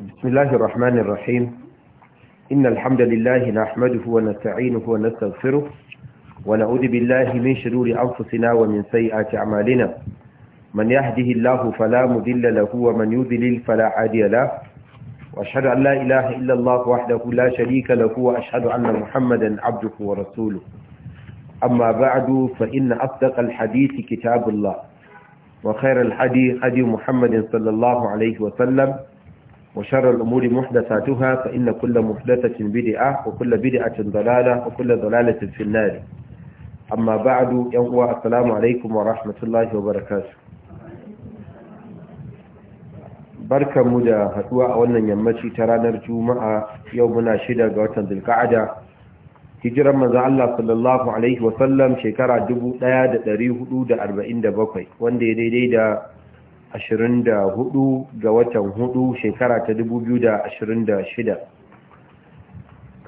بسم الله الرحمن الرحيم إن الحمد لله نحمده ونستعينه ونستغفره ونعوذ بالله من شرور أنفسنا ومن سيئات أعمالنا من يهده الله فلا مذل له ومن يذلل فلا عادي له وأشهد أن لا إله إلا الله وحده لا شريك له وأشهد أن محمدا عبده ورسوله أما بعد فإن أصدق الحديث كتاب الله وخير الحديث حديث محمد صلى الله عليه وسلم وشر الأمور محدثاتها فإن كل محدثة بدعة وكل بدعة ضلالة وكل ضلالة في النار أما بعد يوم السلام عليكم ورحمة الله وبركاته barkan mu da haduwa a wannan yammaci ta ranar juma'a yau muna shida ga watan zulka'ada hijiran manzo Allah sallallahu alaihi wasallam shekara 1447 wanda ya daidai da 24 ga watan 4 shekara ta 2026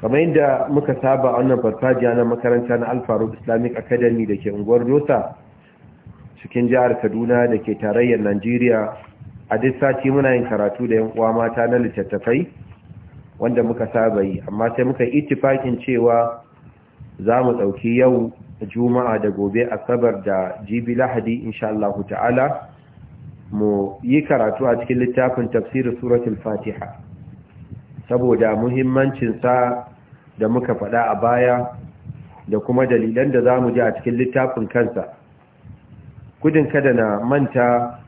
kamar yadda muka saba a wannan farfajiya na makaranta na alfaru islamic academy da ke unguwar rosa cikin jihar kaduna da ke tarayyar najeriya a duk sati muna yin karatu da yan uwa mata na littattafai wanda muka saba yi amma sai muka itifakin cewa za mu ɗauki yau juma'a da gobe asabar da jibi lahadi insha Allah ta'ala mu yi karatu a cikin littafin tafsirin suratul fatiha saboda muhimmancin sa da muka faɗa a baya da kuma dalilan da za mu ji a cikin littafin kansa gudun kada na manta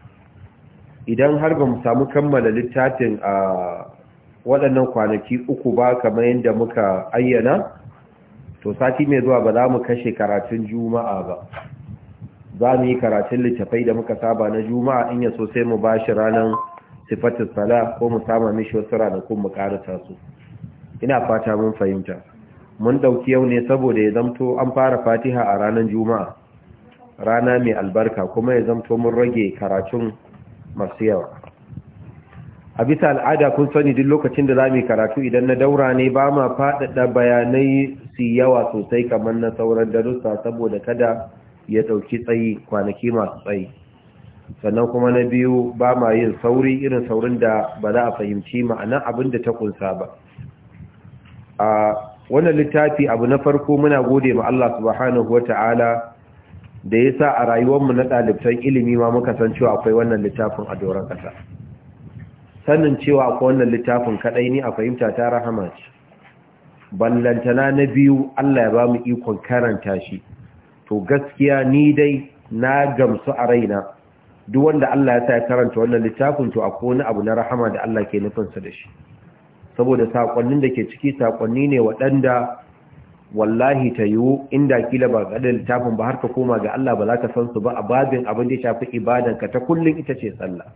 idan har ba mu samu kammala littafin a waɗannan kwanaki uku ba kamar yadda muka ayyana to sati mai zuwa ba za mu kashe karatun juma'a ba za mu yi karatun littafai da muka saba na juma'a in ya sosai sai mu ba shi ranar sifatin sala ko mu sama mishi wasu ranakun mu karata su ina fata mun fahimta mun dauki yau ne saboda ya zamto an fara fatiha a ranar juma'a rana mai albarka kuma ya zamto mun rage karatun masu yawa a bisa al'ada kun sani duk lokacin da za mu yi karatu idan na daura ne ba ma faɗaɗa bayanai su yawa sosai kamar na sauran darussa saboda kada ya ɗauki tsayi kwanaki masu tsayi sannan kuma na biyu ba ma yin sauri irin saurin da ba za a fahimci ma'anar abin da ta kunsa ba a wannan littafi abu na farko muna gode ma Allah subhanahu wa ta'ala da ya sa a rayuwarmu na ɗalibtan ilimi ma muka san cewa akwai wannan littafin a doron ƙasa sannin cewa akwai wannan littafin kaɗai ne a fahimta ta rahama ce ballantana na biyu Allah ya ba mu ikon karanta shi to gaskiya ni dai na gamsu a raina duk wanda Allah ya sa ya karanta wannan littafin to akwai wani abu na rahama da Allah ke nufin sa da shi saboda sakonnin da ke ciki sakonni ne waɗanda wallahi ta yiwu inda kila ba ga littafin ba har ka koma ga Allah ba za ka san su ba a babin abin da ya shafi ibadanka ta kullum ita ce sallah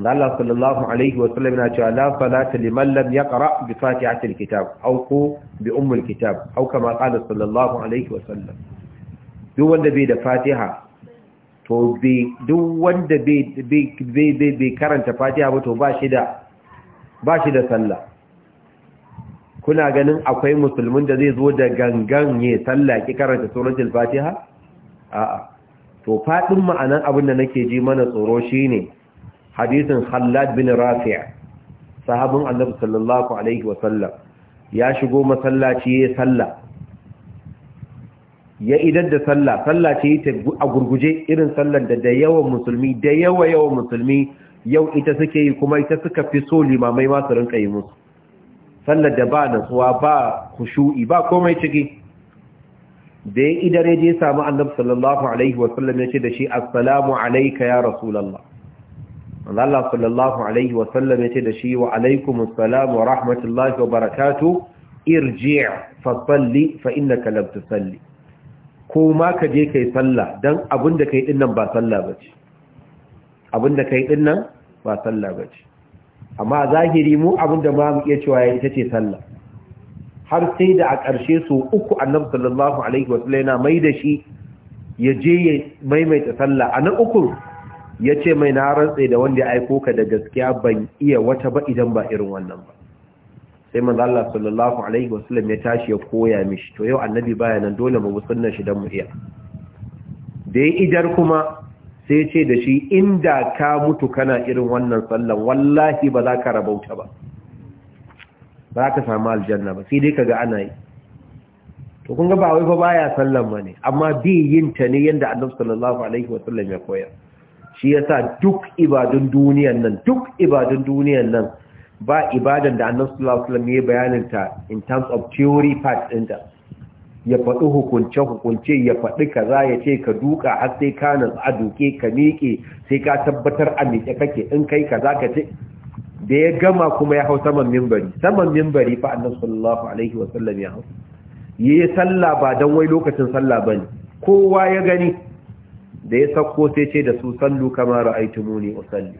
manzo Allah sallallahu alaihi wa sallam yana cewa la salata liman lam yaqra bi fatihatil kitab aw ko bi ummul kitab auka kama qala sallallahu alaihi wa sallam duk wanda bai da fatiha to bai duk wanda bai karanta fatiha ba to ba shi da sallah kuna ganin akwai musulmin da zai zo da gangan ya sallah ki karanta suratul fatiha a'a to faɗin ma'anan abin da nake ji mana tsoro ne. hadisin Khallad bin Rafi' sahabin Annabi sallallahu alaihi wa sallam ya shigo masallaci ya salla ya idan da salla salla ce ta a gurguje irin sallar da da yawan musulmi da yawa yawan musulmi yau ita suke yi kuma ita suka fi so limamai masu rinka yi musu sallar da ba natsuwa ba kushu'i ba komai ciki da ya idare je samu annabi sallallahu alaihi wasallam ya ce da shi assalamu alayka ya rasulullah manzo Allah sallallahu alaihi wa sallam ce da shi wa alaikumus salam wa rahmatullahi wa barakatu. irji' fa salli fa innaka lam tusalli ko ma ka je kai sallah dan abinda kai din nan ba sallah bace abinda kai din nan ba sallah bace amma zahiri mu abinda ma mu iya cewa ita ce sallah har sai da a ƙarshe su uku annabi sallallahu alaihi wa sallam yana mai da shi ya je ya maimaita sallah a na uku ya ce mai na rantse da wanda ya aiko ka da gaskiya ban iya wata ba idan ba irin wannan ba sai manzo Allah sallallahu alaihi wasallam ya tashi ya koya mishi to yau annabi baya nan dole mu sunna shi dan mu iya da ya idar kuma sai ce da shi inda ka mutu kana irin wannan sallan wallahi ba za ka rabauta ba ba ka samu aljanna ba sai dai kaga ana yi to kun ga ba wai ba baya sallan ba ne amma bi yinta ta ne yanda annabi sallallahu alaihi wasallam ya koya. shi yasa duk ibadun duniyan nan duk ibadun duniyan nan ba ibadan da annabi sallallahu ya bayanin ta in terms of theory part din da ya faɗi hukunce hukunce ya faɗi kaza ya ce ka duka har sai ka nan a duke ka miƙe sai ka tabbatar a miƙe kake in kai kaza ka ce da ya gama kuma ya hau saman mimbari saman mimbari fa annabi sallallahu alaihi wasallam ya hau yayi sallah ba dan wai lokacin sallah bane kowa ya gani da ya sauko sai ce da su sallu kama ra'aytumuni usalli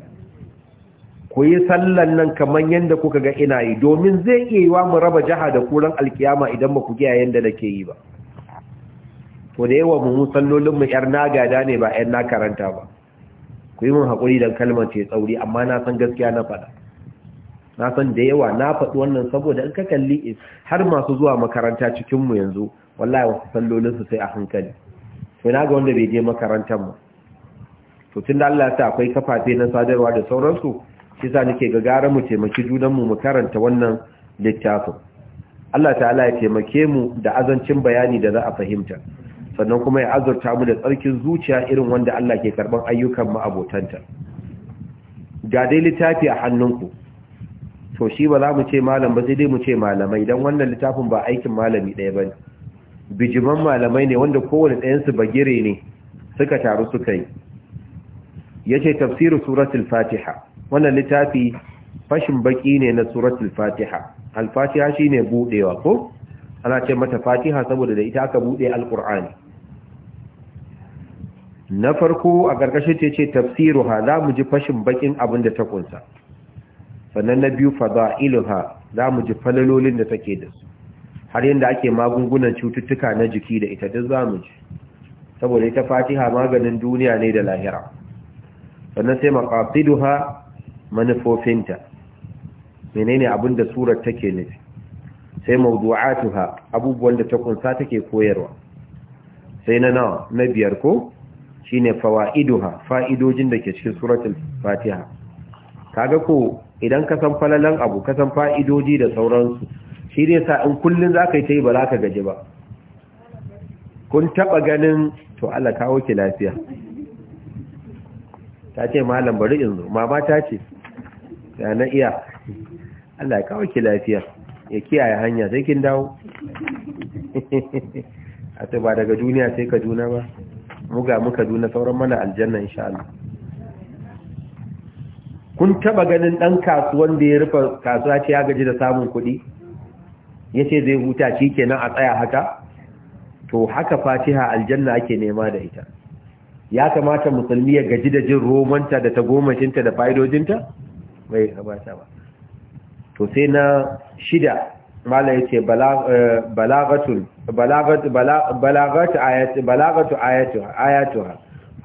ku yi sallan nan kamar yadda kuka ga ina yi domin zai iya yiwa mu raba jaha da kuran alkiyama idan ba ku giya yadda nake yi ba to da yawa mu sallolin mu yar nagada ne ba 'yan nakaranta ba ku yi mun hakuri don kalmar ce tsauri amma na san gaskiya na faɗa na san da yawa na faɗi wannan saboda in ka kalli har masu zuwa makaranta cikin mu yanzu wallahi wasu sallolin su sai a hankali sai na ga wanda bai je makarantar mu to da Allah ya akwai kafafe na sadarwa da sauransu shi sa nake ga gara mu taimaki junan mu mu karanta wannan littafin Allah ta'ala ya taimake mu da azancin bayani da za a fahimta sannan kuma ya azurta mu da tsarkin zuciya irin wanda Allah ke karban ayyukan mu abotanta ga dai littafi a hannunku to shi ba za mu ce malam ba sai dai mu ce malamai don wannan littafin ba aikin malami ɗaya ba ne bijiman malamai ne wanda kowane su bagire ne suka taru suka yi ya ce tafsirin suratul fatiha wannan littafi fashin baki ne na suratul fatiha alfatiha shi ne buɗewa ko ana ce mata fatiha saboda da ita aka buɗe alƙur'ani na farko a ƙarƙashin ta ce ha za mu ji fashin bakin abin da ta kunsa sannan na biyu ha za mu ji falalolin da take da su har yadda ake magungunan cututtuka na jiki da ita duk za mu ji saboda ita fatiha maganin duniya ne da lahira sannan sai maqasiduha manufofinta menene abin da surar take nufi sai mawdu'atuha abubuwan da ta kunsa take koyarwa sai na nawa na biyar ko shine fawaiduha fa'idojin da ke cikin suratul fatiha kaga ko idan kasan san falalan abu kasan san fa'idodi da sauransu shi ne sa in kullum za ka yi ta yi ba za ka gaji ba kun taɓa ganin to Allah kawo ki lafiya ta ce malam bari in zo mama ta ce ya na iya Allah kawo ki lafiya ya kiyaye hanya sai kin dawo a ta ba daga duniya sai kaduna ba muga muka juna sauran mana aljanna insha Allah kun taba ganin dan kasuwan da ya rufe kasuwa ce ya gaji da samun kuɗi ya ce zai huta shi kenan a tsaya haka to haka fatiha aljanna ake nema da ita ya kamata musulmi ya gaji da jin romanta da tagomashinta da fa'idojinta bai kamata ba to sai na shida mala ya ce eh, balagatu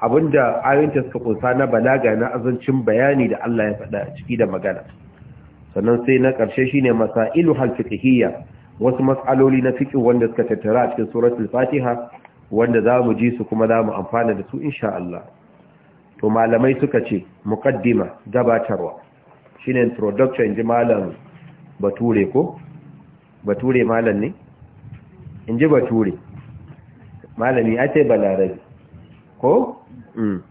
abin abinda ayoyinta suka kunsa na balaga na azancin bayani da Allah ya faɗa ciki da magana sannan sai na ƙarshe shine masailu halfiqhiyya wasu matsaloli na fikin wanda suka tattara a cikin suratul fatiha wanda za mu ji su kuma za mu amfana da su insha Allah to malamai suka ce muqaddima gabatarwa shine introduction ji malam bature ko bature malam ne in ji bature malami a ce balarabi ko? Mm.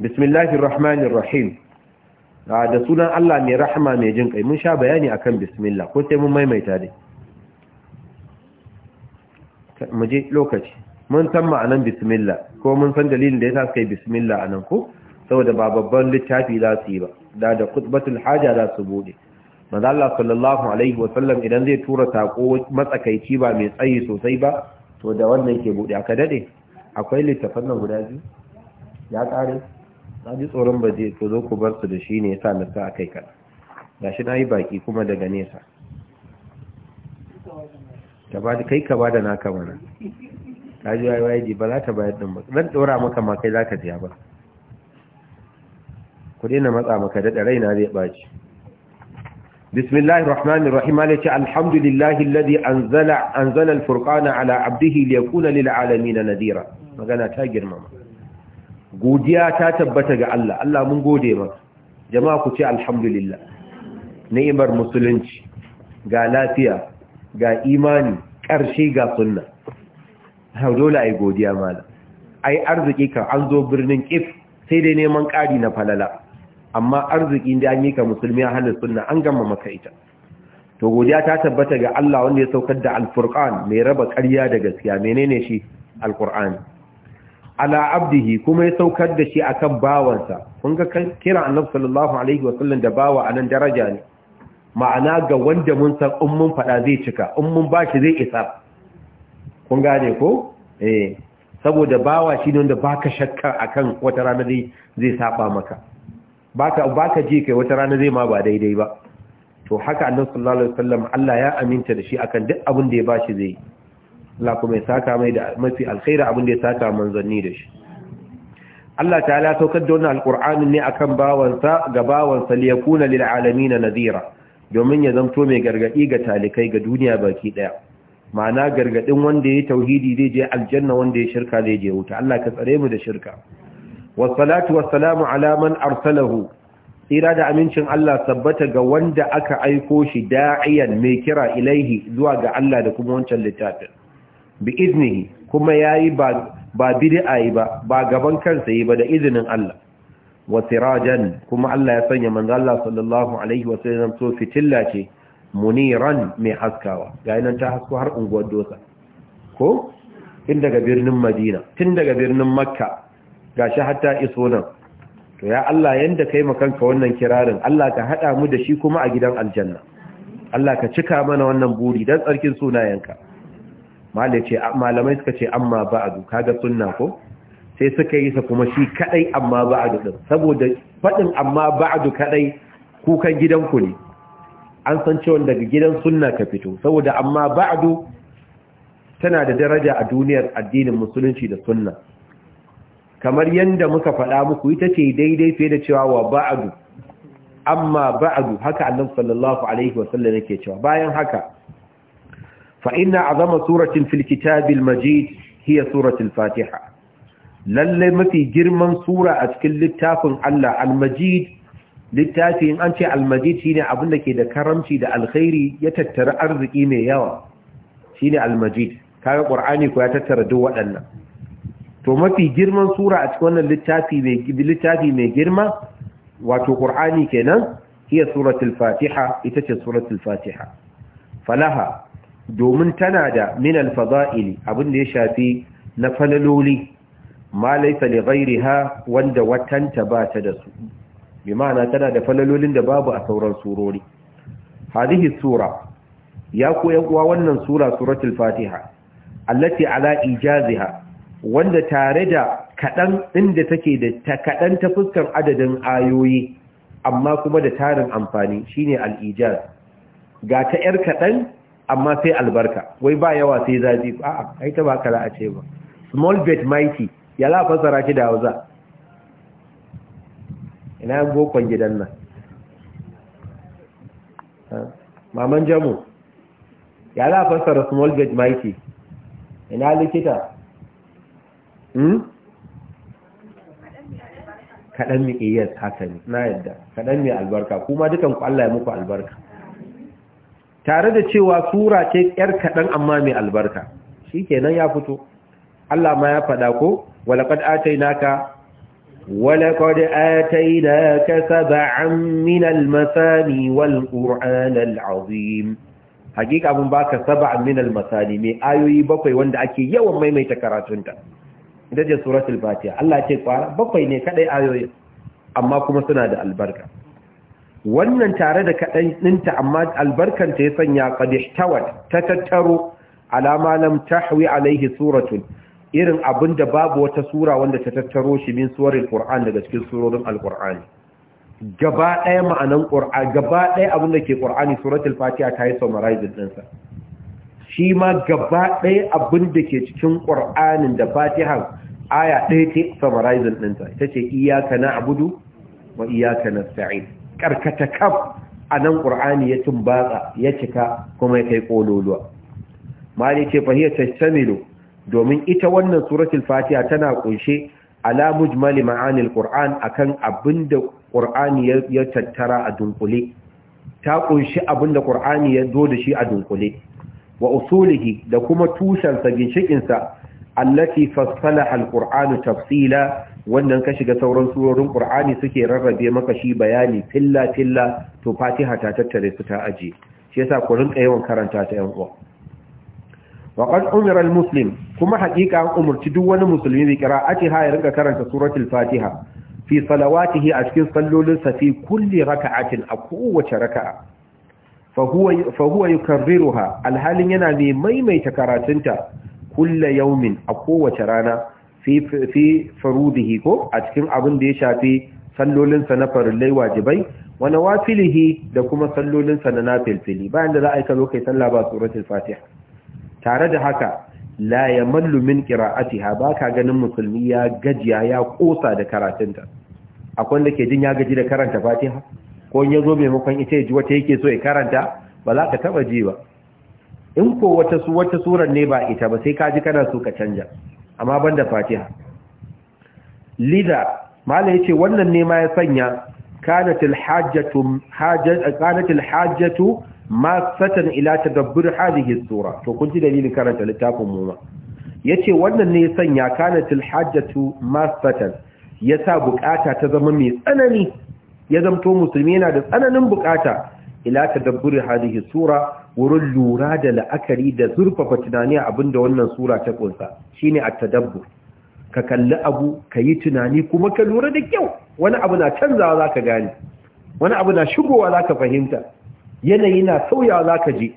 bismillahir rahmanir rahim ah, da sunan Allah mai rahama mai jin kai mun sha bayani akan bismillah ko sai mun maimaita dai mu je lokaci mun san ma'anan bismillah ko mun san dalilin da yasa suka yi bismillah anan ko saboda ba babban littafi za su yi ba da da kutbatul haja za su bude manzo Allah sallallahu alaihi wasallam idan zai tura sako matsakaici ba mai tsayi sosai ba to da wannan ke bude aka dade akwai littafan nan guda biyu ya kare na ji tsoron ba zai to zo ku bar su da shi ne yasa na sa akai kana gashi na yi baki kuma daga nesa kai ka ba da naka mana ta ji wayi wayi ba za ta bayar din ba zan dora maka ma kai za ka biya ba ku daina matsa maka da na zai baci bismillahir rahmanir rahim alati alhamdulillahi alladhi anzala anzala alfurqana ala abdihi liyakuna lil alamin nadira magana ta girmama godiya ta tabbata ga Allah Allah mun gode maka jama'a ku ce alhamdulillah ni'imar musulunci ga lafiya ga imani ƙarshe ga sunna hau dole a godiya mala a yi arziki kan an zo birnin ƙif sai dai neman ƙari na falala amma arziki da an yi ka musulmi a halin sunna an gama maka ita to godiya ta tabbata ga Allah wanda ya saukar da alfurqan mai raba ƙarya da gaskiya menene shi alqur'ani ala abdihi kuma ya saukar da shi akan bawansa kun ga kira annabi sallallahu alaihi wasallam da bawa anan daraja ne ma'ana ga wanda mun san in mun zai cika in mun ba shi zai isa kun gane ko eh saboda bawa shi ne wanda baka shakka akan wata rana zai zai saba maka baka baka ji kai wata rana zai ma ba daidai ba to haka annabi sallallahu alaihi wasallam Allah ya aminta da shi akan duk abin da ya bashi zai Allah kuma ya saka mai da mafi alkhairi abin da ya saka manzanni da shi Allah ta'ala saukar da wannan alqur'ani ne akan bawansa ga bawansa liyakuna lil alamin nadira domin ya zamto mai gargaɗi ga talikai ga duniya baki ɗaya. ma'ana gargadin wanda ya tauhidi zai je aljanna wanda ya shirka zai je wuta Allah ka tsare mu da shirka wassalatu wassalamu ala man arsalahu tsira da amincin Allah sabbata ga wanda aka aiko shi da'iyan mai kira ilaihi zuwa ga Allah da kuma wancan littafin bi iznihi kuma yayi ba ba bid'a yi ba ba gaban kansa yi ba da izinin Allah wa sirajan kuma Allah ya sanya manzo Allah sallallahu alaihi wa sallam so fitilla ce muniran mai haskawa ga nan ta hasko har unguwar dosa ko tun daga birnin Madina tun daga birnin Makka gashi hatta iso nan to ya Allah yanda kai makanka wannan kirarin Allah ka hada mu da shi kuma a gidan aljanna Allah ka cika mana wannan buri dan tsarkin sunayenka malai ce malamai suka ce amma ba'du kaga sunna ko sai suka yi sa kuma shi kadai amma ba'adu din saboda fadin amma ba'adu kadai kukan gidanku ne an san cewa daga gidan sunna ka fito saboda amma ba'adu tana da daraja a duniyar addinin musulunci da sunna kamar yadda muka faɗa muku ita ce daidai fiye da cewa wa ba'adu amma ba'adu haka annabi sallallahu alaihi wasallam yake cewa bayan haka fa inna azama suratin fil kitabil majid hiya suratul fatiha lallai mafi girman sura a cikin littafin Allah al-Majid littafi in an ce al-Majid shine abin da ke da karamci da alkhairi ya tattara arziki mai yawa shine al-Majid kaga Qur'ani ko ya tattara duk waɗannan to mafi girman sura a cikin wannan littafi mai littafi mai girma wato Qur'ani kenan hiya suratul Fatiha ita ce suratul Fatiha falaha domin tana da min al-fada'ili abin da ya shafi na falaloli ma laisa li ghairiha wanda watanta ba ta da su bi ma'ana tana da falalolin da babu a sauran surori hadhihi sura ya koyan uwa wannan sura suratul fatiha allati ala ijaziha wanda tare da kadan inda take da ta kadan ta fuskar adadin ayoyi amma kuma da tarin amfani shine al-ijaz ga ta yar kadan amma sai albarka wai ba yawa sai zafi a'a ai ta ba kala a ce ba small bet mighty ya la a ki da hausa ina bokon gidan nan maman jamu ya la fasara fassara small bed mighty ina likita hmm? kaɗan mi iya eh, haka ne na yadda kaɗan mai albarka kuma dukan ku Allah ya muku albarka tare da cewa sura ce ƴar kaɗan amma mai albarka shi kenan ya fito Allah ma ya faɗa ko walaqad atainaka walaqad atainaka sab'an min al-masani wal azim hakika mun baka ka min al-masani mai ayoyi bakwai wanda ake yawan maimaita karatunta ita ce suratul fatiha Allah ce kwara bakwai ne kadai ayoyi amma kuma suna da albarka wannan tare da kaɗan ɗinta amma ta ya sanya ƙadishtawar ta tattaro alama lam tahwi alaihi suratun irin abin da babu wata sura wanda ta tattaro shi min suwarin Qur'an daga cikin surorin Al-Qur'ani gaba ɗaya ma'anan Qur'an gaba ɗaya abin da ke Qur'ani suratul Fatiha ta yi summarizing din sa shi ma gaba ɗaya abin da ke cikin Qur'anin da Fatiha aya ɗaya ce summarizing din sa tace iyyaka na'budu wa iyyaka nasta'in karkata kaf anan Qur'ani ya tumbatsa ya cika kuma ya kai kololuwa mali ce fahiyar tashtamilu domin ita wannan suratul fatiha tana kunshe ala mujmali ma'anil qur'an akan abinda qur'ani ya tattara a dunkule ta kunshi abinda qur'ani ya zo da shi a dunkule wa usulihi da kuma tushen sa ginshikin sa allati fassalaha alqur'anu tafsila wannan ka shiga sauran surorin qur'ani suke rarrabe maka shi bayani filla filla to fatiha ta tattare su ta aje shi yasa ku rinka yawan karanta ta yan uwa وقد أمر المسلم كما حقيقة أمر تدوان مسلمين بقراءة هاي رنك كرنك سورة الفاتحة في صلواته أشكين صلوا لنسى في كل ركعة أقوة ركعة فهو, فهو يكررها الحال ينامي ميمي تكراتنت كل يوم أقوة رانا في, في فروضه كو أشكين أبن ديشا في صلوا لنسى نفر اللي واجبي ونوافله دكما صلوا لنسى ننافل فيلي بعد ذلك لوكي صلى بسورة الفاتحة tare da haka la mallu min qira'atiha ba ka ganin musulmi ya gajiya ya kosa da karatunta akwai wanda ke jin ya gaji da karanta Fatiha ko in yazo maimakon ita ya ji wata yake so ya karanta ba za ka taba ji ba in ko wata su wata surar ne ba ita ba sai ka ji kana so ka canja amma banda Fatiha lida mala yace wannan ne ma ya sanya kanatil hajjatu hajjat kanatil hajjatu ma satan ila tadabbur hadhihi sura to kun ji dalilin karanta littafin mu ma yace wannan ne sanya kanatil hajjatu ma satan yasa bukata ta zama mai tsanani ya zamto musulmi yana da tsananin bukata ila tadabbur hadhihi sura wurin lura da la'akari da zurfafa tunani a abinda wannan sura ta kunsa shine a tadabbur ka kalli abu ka yi tunani kuma ka lura da kyau wani abu na canzawa za ka gane wani abu na shigowa za ka fahimta yanayi na sauya za ka ji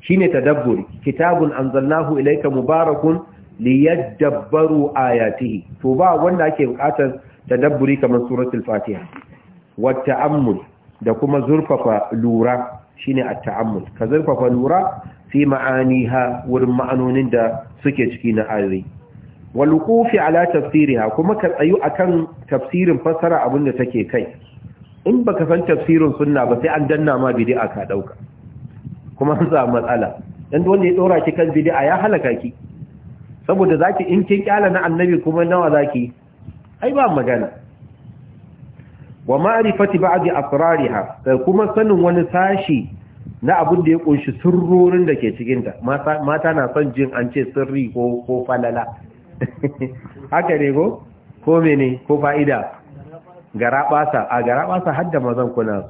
shi ne ta tadabburi kitabun an zannahu ilaika mubarakun a ayatihi to ba wanda ake bukatar tadabburi kamar suratul fatiha wata da kuma zurfafa lura shine at-ta'ammul ka zurfafa lura fi ma'ani ha wurin ma'anonin da suke ciki na ayoyi walukufi ala tafsiri ha kuma ka tsayu a kan tafsirin fassara abin da take kai in ba ka san tafsirin sunna ba sai an danna ma bid'a ka dauka kuma an samu matsala dan wanda ya dora ki kan bid'a ya halaka ki saboda zaki in kin kyala na annabi kuma nawa zaki ai ba magana wa ma'rifati ba'd asrariha kuma sanin wani sashi na abin da ya kunshi sirrorin da ke cikinta mata na son jin an ce sirri ko falala haka ne ko ko mene ko fa'ida garabasa a garabasa hadda mazan kuna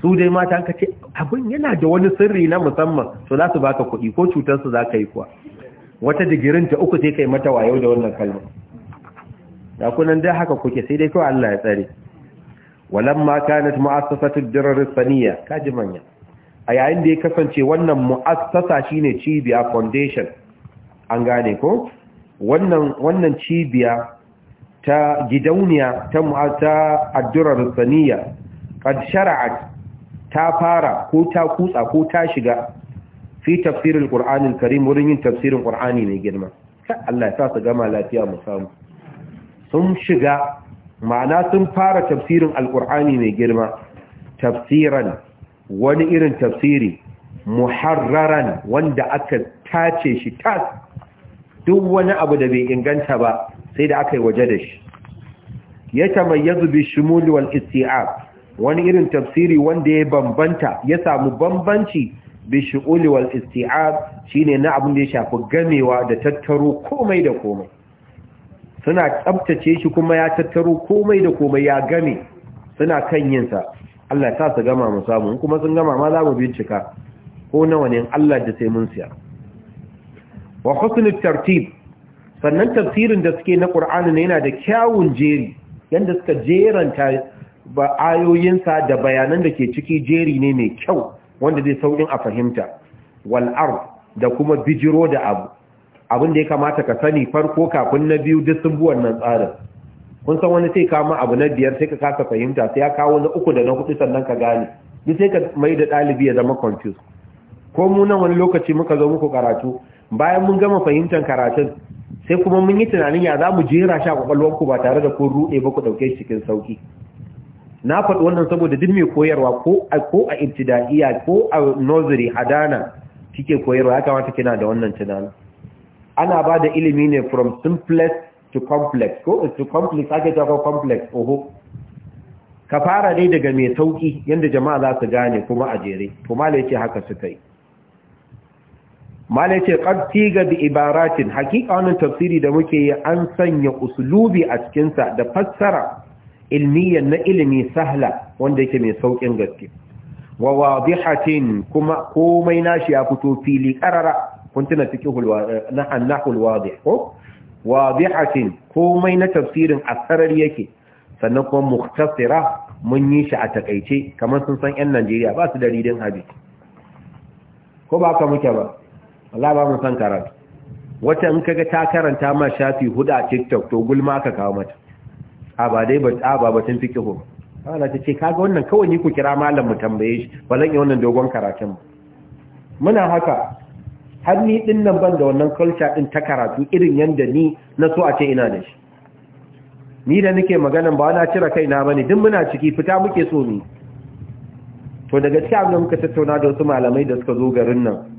su dai mata ka ce abin yana da wani sirri na musamman to za su baka kuɗi ko cutar su za ka yi kuwa wata digirin ta uku sai kai mata wayo da wannan kalma da kunan dai haka kuke sai dai kawai Allah ya tsare walamma kanat mu'assasatu dirar saniya kaji manya a yayin da ya kasance wannan mu'assasa shine cibiya foundation an gane ko wannan wannan cibiya ta gidauniya ta mu'ata addurar saniya kad shara'at ta fara ko ta kutsa ko ta shiga fi tafsirin ƙur'anin karim wurin yin tafsirin ƙur'ani mai girma Allah ya sa su gama lafiya mu samu sun shiga ma'ana sun fara tafsirin alƙur'ani mai girma tafsiran wani irin tafsiri muharraran wanda aka tace shi tas duk wani abu da bai inganta ba sai da aka yi waje da shi ya tamayyazu bi shumuli wal isti'ab wani irin tafsiri wanda ya bambanta ya samu bambanci bi shu'uli wal isti'ab shine na abin da ya shafi gamewa da tattaro komai da komai suna tsabtace shi kuma ya tattaro komai da komai ya game suna kan yin sa Allah ya sa gama mu samu kuma sun gama ma za mu bincika ko nawa ne Allah da sai mun siya wa husnul tartib sannan tafsirin da suke na ƙur'ani ne yana da kyawun jeri yadda suka jeranta ayoyinsa da bayanan da ke ciki jeri ne mai kyau wanda zai saurin a fahimta wal'ar da kuma bijiro da abu abin da ya kamata ka sani farko kafin na biyu duk sun buwan nan tsarin kun san wani sai kama abu na biyar sai ka kasa fahimta sai ya kawo na uku da na hudu sannan ka gane duk sai ka mai da ɗalibi ya zama confused ko mu nan wani lokaci muka zo muku karatu bayan mun gama fahimtar karatun sai kuma mun yi tunanin ya za mu jera shi a ku ba tare da kun ruɗe ba ku ɗauke shi cikin sauki na faɗi wannan saboda duk mai koyarwa ko a ko a ibtidaiya ko a nursery hadana kike koyarwa ya kamata kina da wannan tunanin ana ba da ilimi ne from simplest to complex ko to complex ake cewa complex oho ka fara dai daga mai sauki yanda jama'a za su gane kuma a jere kuma malai ce haka suka yi malai ce ƙartiga da ibaratin hakika wannan tafsiri da muke yi an sanya usulubi a cikinsa da fassara ilmiyya na ilimi sahla wanda yake mai sauƙin gaske wa hatin kuma komai nashi ya fito fili ƙarara, kun tuna cikin na annahul wadih ko hatin komai na tafsirin a asarar yake sannan kuma muktasira mun yi shi a takaice kamar sun san 'yan Najeriya ba su da ridin hadisi ko ba ka muke ba Allah ba mu san karatu wata in kaga ta karanta ma shafi hudu a TikTok to gulma ka kawo mata a ba dai ba a ba batun fiqh Allah ta ce kaga wannan kawai ni ku kira malam mu tambaye shi ba zan yi wannan dogon karatun muna haka har ni din nan ban da wannan culture din ta karatu irin yanda ni na so a ce ina da shi ni da nake maganan ba na cire kaina bane duk muna ciki fita muke so ni to da gaskiya abin muka tattauna da wasu malamai da suka zo garin nan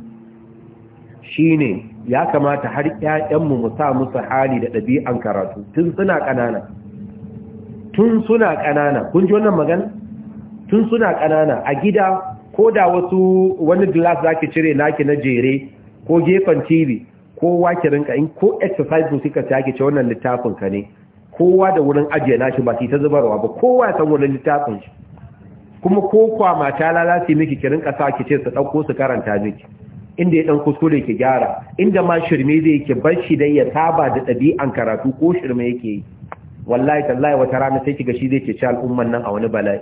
shine ya kamata har ƴaƴanmu mu mu sa musu hali da ɗabi'an karatu tun suna ƙanana tun suna ƙanana kun ji wannan magana tun suna ƙanana a gida ko da wasu wani glass zaki cire naki na jere ko gefen TV kowa ki rinka in ko exercise su kika take ce wannan littafin ka ne kowa da wurin ajiye nashi ba sai ta zubarwa ba kowa ya san wurin littafin shi kuma ko kwa mata lalace miki ki rinka sa ki ce su ɗauko su karanta miki inda ya dan kuskure ke gyara inda ma shirme zai yake barci shi dai ya saba da ɗabi'an karatu ko shirme yake yi wallahi tallahi wata rana sai kiga shi zai ce sha al'umman nan a wani bala'i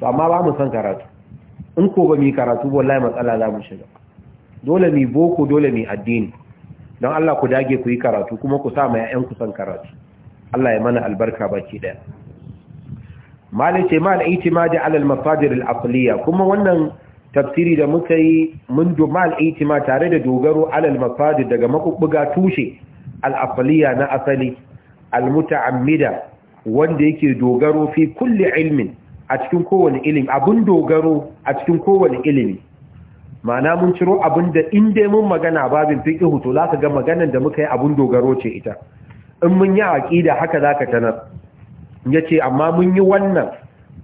to amma ba mu san karatu in ko ba mu karatu wallahi matsala za mu shiga dole mu boko dole mu addini don Allah ku dage ku yi karatu kuma ku sa ma ƴan ku san karatu Allah ya mana albarka baki daya malai ce mal ijtimadi ala al masadir al asliya kuma wannan tafsiri da muka yi mun dumal itima tare da dogaro alal mafadi daga makubuga tushe al'afaliya na asali almuta'ammida wanda yake dogaro fi kulli ilmin a cikin kowane ilimi abun dogaro a cikin kowane ilimi ma'ana mun ciro abin da in dai mun magana babin hutu to zaka ga maganar da muka yi abun dogaro ce ita in mun yi aqida haka zaka tanar yace amma mun yi wannan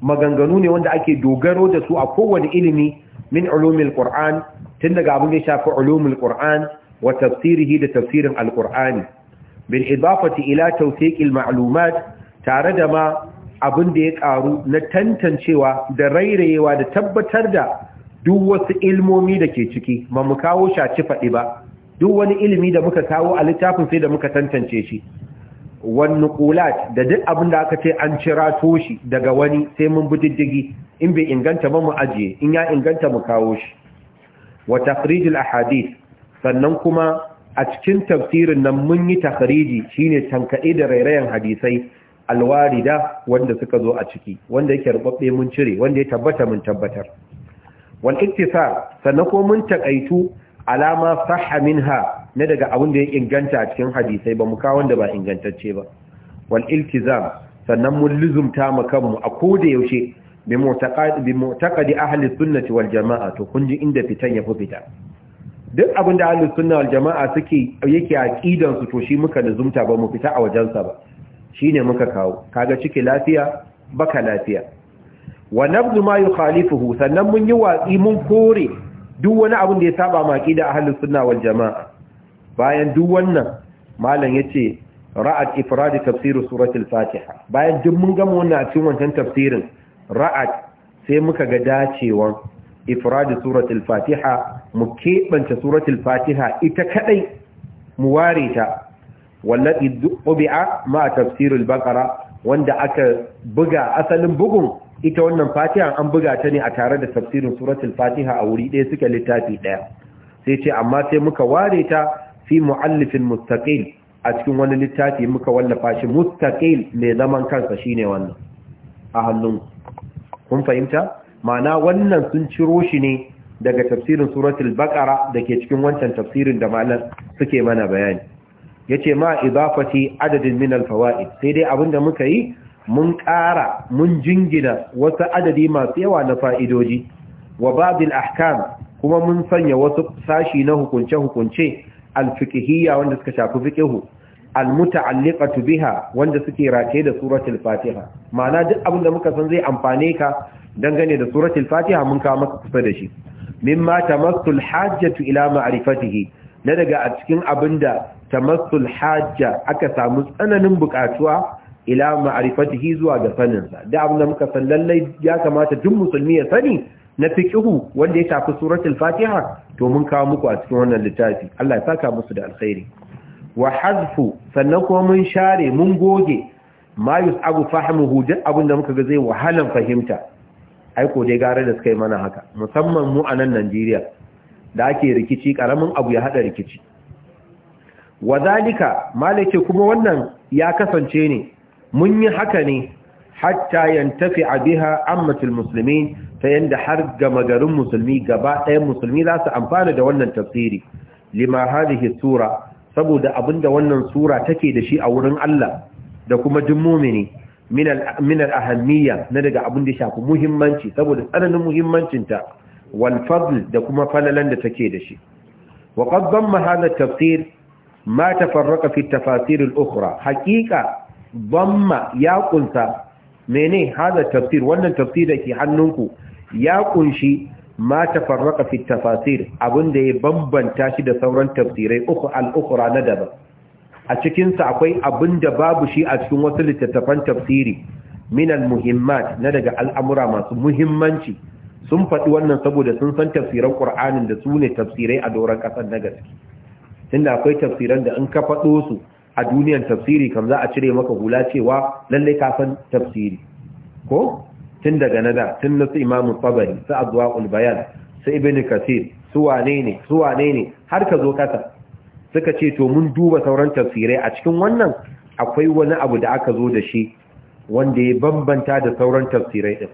maganganu ne wanda ake dogaro da su a kowane ilimi min ulumil qur'an tun daga abin da ya shafi ulumul qur'an wa tafsirihi da tafsirin alqur'ani bil idafati ila tawfiqil ma'lumat tare da ma abin da ya karu na tantancewa da rairayewa da tabbatar da duk wasu ilmomi da ke ciki ba mu kawo shaci faɗi ba duk wani ilimi da muka kawo a littafin sai da muka tantance shi Kulat da duk abin da aka ce an cira toshi daga wani sai mun bididdigi in bai inganta ba mu ajiye in ya inganta mu kawo shi wa takhrijul ahadith sannan kuma a cikin tafsirin nan mun yi takhriji shine tankade da rairayen hadisai alwarida wanda suka zo a ciki wanda yake rubabbe mun cire wanda ya tabbata mun tabbatar wal iktisar sannan ko mun takaitu alama sahha minha na daga abin da ya inganta cikin hadisai ba mu kawo wanda ba ingantacce ba wal iltizam sannan mun luzumta mu kanmu a koda yaushe bi mu'taqadi bi mu'taqadi ahli sunnati wal jama'a to kun ji inda fitan ya fita duk abin da ahli sunna wal jama'a suke yake aqidan su to shi muka luzumta ba mu fita a wajen sa ba shine muka kawo kaga ciki lafiya baka lafiya wa nabdu ma yukhalifuhu sannan mun yi watsi mun kore duk wani abin da ya saba ma aqida ahlus sunna wal jamaa bayan duk wannan malam yace ra'ad ifradi tafsir suratul fatiha bayan duk mun gama wannan a cikin wancan tafsirin ra'ad, sai muka ga dacewan ifradi suratul fatiha mu keɓanta suratul fatiha ita kadai mu ware ta wallati dubi'a ma tafsirul baqara wanda aka buga asalin bugun ita wannan fatiha an buga ta ne a tare da tafsirin suratul fatiha a wuri ɗaya suka littafi ɗaya sai ce amma sai muka ware ta fi mu'allifin mustaqil a cikin wani littafi muka wallafa shi mustaqil mai zaman kansa shine wannan a hannun kun fahimta ma'ana wannan sun ciro shi ne daga tafsirin suratul baqara dake cikin wancan tafsirin da malam suke mana bayani yace ma idafati adadin min fawa'id sai dai abinda muka yi mun ƙara mun jingina wasu adadi masu yawa na fa'idoji wa babin ahkam kuma mun sanya wasu sashi na hukunce-hukunce alfikihiyya wanda suka shafi fikihu almuta'alliqatu biha wanda suke rataye da suratul fatiha ma'ana duk abin da muka san zai amfane ka dangane da suratul fatiha mun kawo maka kusa da shi mimma tamassul hajjatu ila ma'rifatihi na daga a cikin abinda tamassul hajja aka samu tsananin bukatuwa ila ma'rifatihi zuwa ga sa, da abin da muka san lallai ya kamata duk musulmi ya sani na fiqhu wanda ya tafi suratul fatiha to mun kawo muku a cikin wannan littafi Allah ya saka musu da alkhairi wa hazfu sannan kuma mun share mun goge ma yusabu fahmuhu duk abin da muka ga zai wahalan fahimta Ai ko dai gare da suka yi mana haka musamman mu a nan Najeriya da ake rikici karamin abu ya hada rikici wa zalika malake kuma wannan ya kasance ne mun yi haka ne hatta yantafi biha ammatul musulmi, ta yadda har gama garin musulmi gaba ɗayan musulmi za su amfana da wannan tafsiri lima hadhihi sura saboda abinda wannan sura take da shi a wurin Allah da kuma duk mu'mini min al ahammiya na daga abin da shafi muhimmanci saboda tsananin muhimmancinta wal fadl da kuma falalan da take da shi wa qad dhamma hadha tafsir ma tafarraqa fi tafasir al ukhra haqiqa bamma ya kunsa mene hada tafsir wannan tafsir da ke hannunku ya kunshi ma tafarraka fi tafasir abinda ya bambanta shi da sauran tafsirai uku al na daban a cikin sa akwai abinda babu shi a cikin wasu littattafan tafsiri min al-muhimmat na daga al'amura masu muhimmanci sun faɗi wannan saboda sun san tafsiran Qur'anin da su ne tafsirai a doron ƙasar na gaske tunda akwai tafsiran da in ka faɗo su a duniyan tafsiri kam za a cire maka hula cewa lalle ka san tafsiri ko tun daga nada tun na su imamu tabari su adwa'ul bayan su ibn kasir su wane ne su wane ne har ka zo kasa suka ce to mun duba sauran tafsirai a cikin wannan akwai wani abu da aka zo da shi wanda ya bambanta da sauran tafsirai din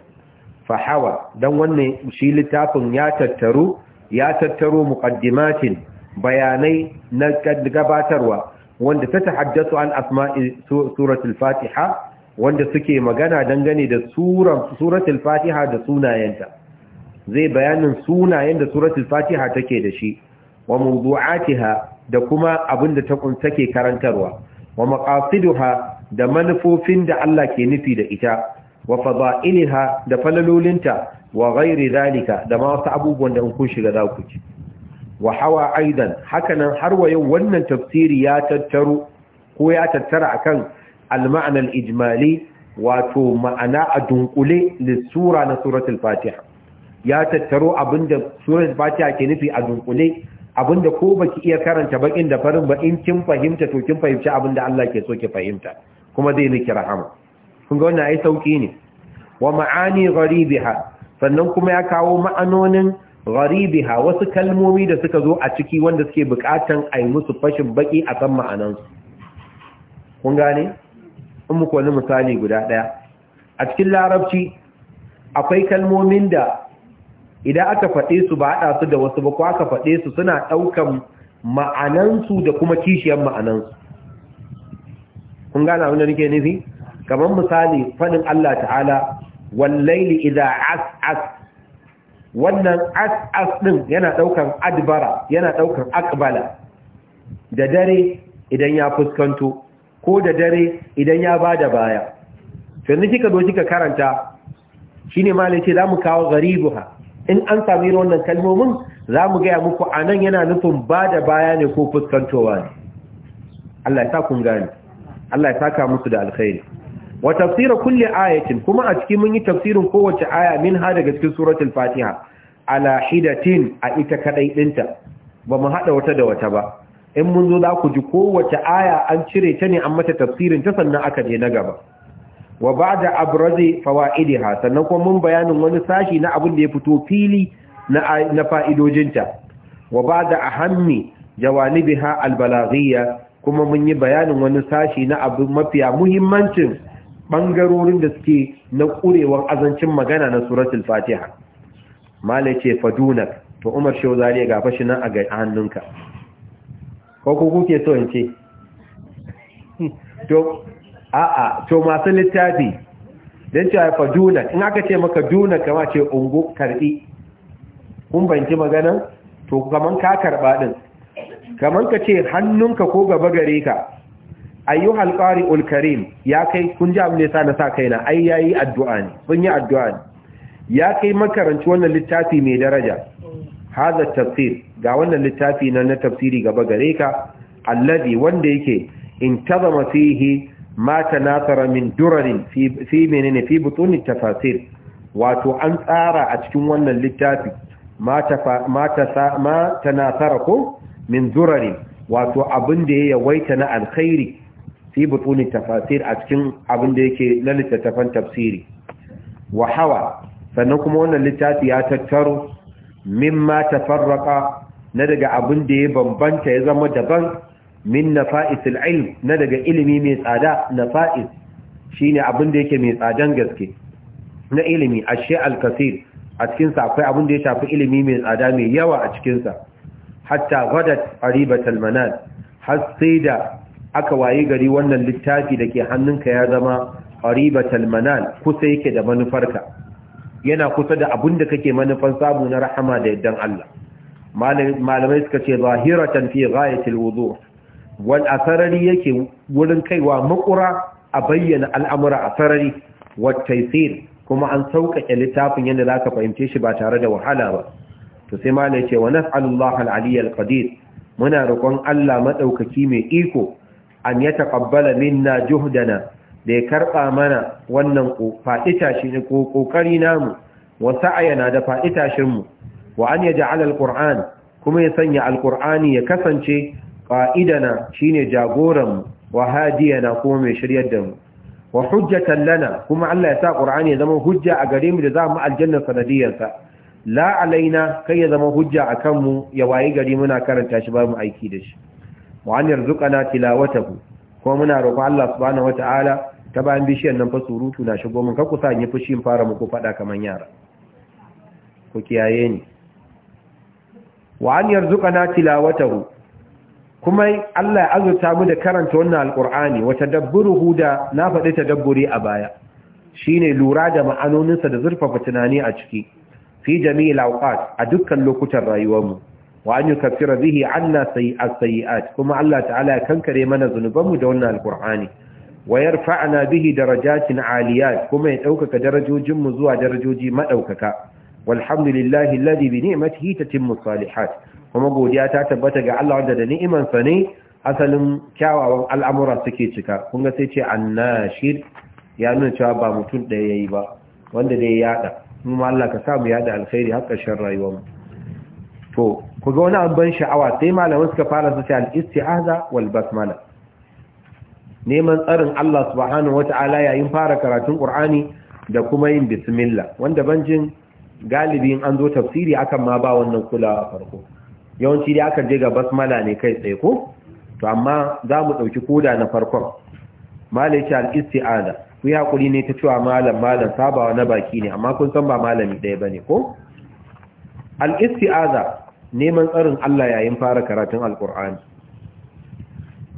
fahawa dan wannan shi littafin ya tattaro ya tattaro muqaddimatin bayanai na gabatarwa wanda ta tahaddasu an asma'i suratul fatiha wanda suke magana dangane da suratul fatiha da sunayenta zai bayanin sunayen da suratul fatiha take da shi wa mawdu'atiha da kuma abinda ta take karantarwa wa maqasiduha da manufofin da Allah ke nufi da ita wa fada'iliha da falalolinta wa ghairi zalika da ma wasu abubuwan da in kun shiga za ci wa hawa aidan hakanan har wa yau wannan tafsiri ya tattaro ko ya tattara akan al-ma'na al-ijmali wato ma'ana a dunkule lissura na suratul fatiha ya tattaro abinda suratul fatiha ke nufi a dunkule abinda ko baki iya karanta bakin da farin ba in kin fahimta to kin fahimci abinda Allah ke so ki fahimta kuma zai miki rahama kun ga wannan ai sauki ne wa ma'ani gharibiha sannan kuma ya kawo ma'anonin gharibiha wasu kalmomi da suka zo a ciki wanda suke bukatan yi musu fashin baki a kan ma'anansu kun gane in muku wani misali guda daya a cikin larabci akwai kalmomin da idan aka faɗe su ba haɗa su da wasu ba ko aka faɗe su suna ɗaukan ma'anansu da kuma kishiyar ma'anansu kun gane abin da nake nufi kamar misali faɗin Allah ta'ala wallaili idza as'as wannan as-as ɗin yana daukan adbara yana daukan akbala da dare idan ya fuskanto ko da dare idan ya bada baya yanzu kika zo kika karanta shine malai ce za kawo garibuha in an sami irin wannan kalmomin za mu gaya muku anan yana nufin bada baya ne ko fuskantowa ne Allah ya sa kun gane Allah ya saka musu da alkhairi wa tafsira kulli ayatin kuma a cikin mun yi tafsirin kowace aya min ha daga cikin suratul fatiha ala hidatin a ita kadai dinta ba mu hada wata da wata ba in mun zo za ku ji kowace aya an cire ta ne an mata tafsirin ta sannan aka je na gaba wa ba'da abrazi fawaidiha sannan kuma mun bayanin wani sashi na abin da ya fito fili na na fa'idojinta wa ba'da ahammi jawanibiha albalaghiyya kuma mun yi bayanin wani sashi na abin mafiya muhimmancin bangarorin da suke na kurewar azancin magana na suratul fatiha malai ce fadunak to umar shehu zariya ga fashi nan a hannunka ko ku kuke so in ce to a'a to masu littafi don cewa fa in aka ce maka dunak kama ce ungu karbi kun banci magana? to kaman ka karba din kaman ka ce hannunka ko gaba gare ka ayyuhal qari'ul karim ya kai kun ji abin da yasa na sa kaina ai yayi addu'a ne sun yi addu'a ne ya kai makaranci wannan littafi mai daraja haza tafsir ga wannan littafi na na tafsiri gaba gare ka alladhi wanda yake intazama fihi ma nasara min durarin fi menene fi butun tafasir wato an tsara a cikin wannan littafi ma ta nasara ko min zurari wato abin da ya yawaita na alkhairi fi butuni tafasir a cikin abin da yake na littattafan tafsiri wa hawa sannan kuma wannan littafi ya tattaro mimma tafarraqa na daga abin da ya bambanta ya zama daban min nafa'isil ilm na daga ilimi mai tsada nafa'is shine abin da yake mai tsadan gaske na ilimi ashe al-kasir a cikin sa akwai abin da ya shafi ilimi mai tsada mai yawa a cikin sa hatta ghadat qaribatal manan har sai da aka waye gari wannan littafi da ke hannunka ya zama qaribatal manan kusa yake da manufarka yana kusa da abin da kake manufan samu na rahama da yaddan Allah malamai suka ce zahiratan fi ghayatil wudu wal asarari yake wurin kaiwa makura a bayyana al'amura a sarari wat taysir kuma an sauƙaƙe littafin yadda zaka fahimce shi ba tare da wahala ba to sai malai ce wa nas'alullahi al-aliyyal qadir muna roƙon Allah madaukaki mai iko an ya taƙabbala minna juhdana da ya karɓa mana wannan faɗi tashi ne ko namu wa sa'ayana da faɗi tashin mu wa an yaj'al alquran kuma ya sanya alqurani ya kasance qa'idana shine jagoran mu wa hadiyana kuma mai shiryar da mu wa hujjatan lana kuma Allah ya sa ƙur'ani ya zama hujja a gare mu da zamu aljanna sanadiyarsa la alaina kai ya zama hujja kan mu ya wayi gari muna karanta shi ba mu aiki da shi wa an tilawatahu kuma muna roƙon Allah subhanahu wataala ta bayan bishiyar nan fa surutu na shigo mun kakku sa in yi fushi fara muku faɗa kamar yara ku kiyaye ni wa an tilawatahu kuma Allah ya azurta mu da karanta wannan alqur'ani wa tadabburuhu da na faɗi tadabburi a baya shine lura da ma'anoninsa da zurfafa tunani a ciki fi jami'il awqat a dukkan lokutan rayuwarmu wa an yukaffira bihi anna sayyi'at kuma Allah ta'ala ya kankare mana zunubanmu da wannan Wayar wa yarfa'na bihi darajatin aliyat kuma ya ɗaukaka darajojin mu zuwa darajoji maɗaukaka. walhamdulillahi alladhi bi ni'matihi tatimmu salihat kuma godiya ta tabbata ga Allah wanda da ni'iman sa ne asalin kyawawan al'amura suke cika kun ga sai ce annashir ya nuna cewa ba mutum ɗaya yayi ba wanda dai ya yada kuma Allah ka samu yada alkhairi har ƙarshen rayuwarmu to ku ga wani abin sha'awa sai malamai suka fara su ce al-isti'aza wal basmala neman tsarin Allah subhanahu wata'ala yayin fara karatun Qur'ani da kuma yin bismillah wanda banjin galibi in an zo tafsiri akan ma ba wannan kula a farko yawanci dai aka je ga basmala ne kai tsaye ko to amma za mu ɗauki koda na farko malaita al-isti'aza ku yi hakuri ne ta cewa malam malam sabawa na baki ne amma kun san ba malami ɗaya bane ko al-isti'aza neman tsarin Allah yayin fara karatun alkur'ani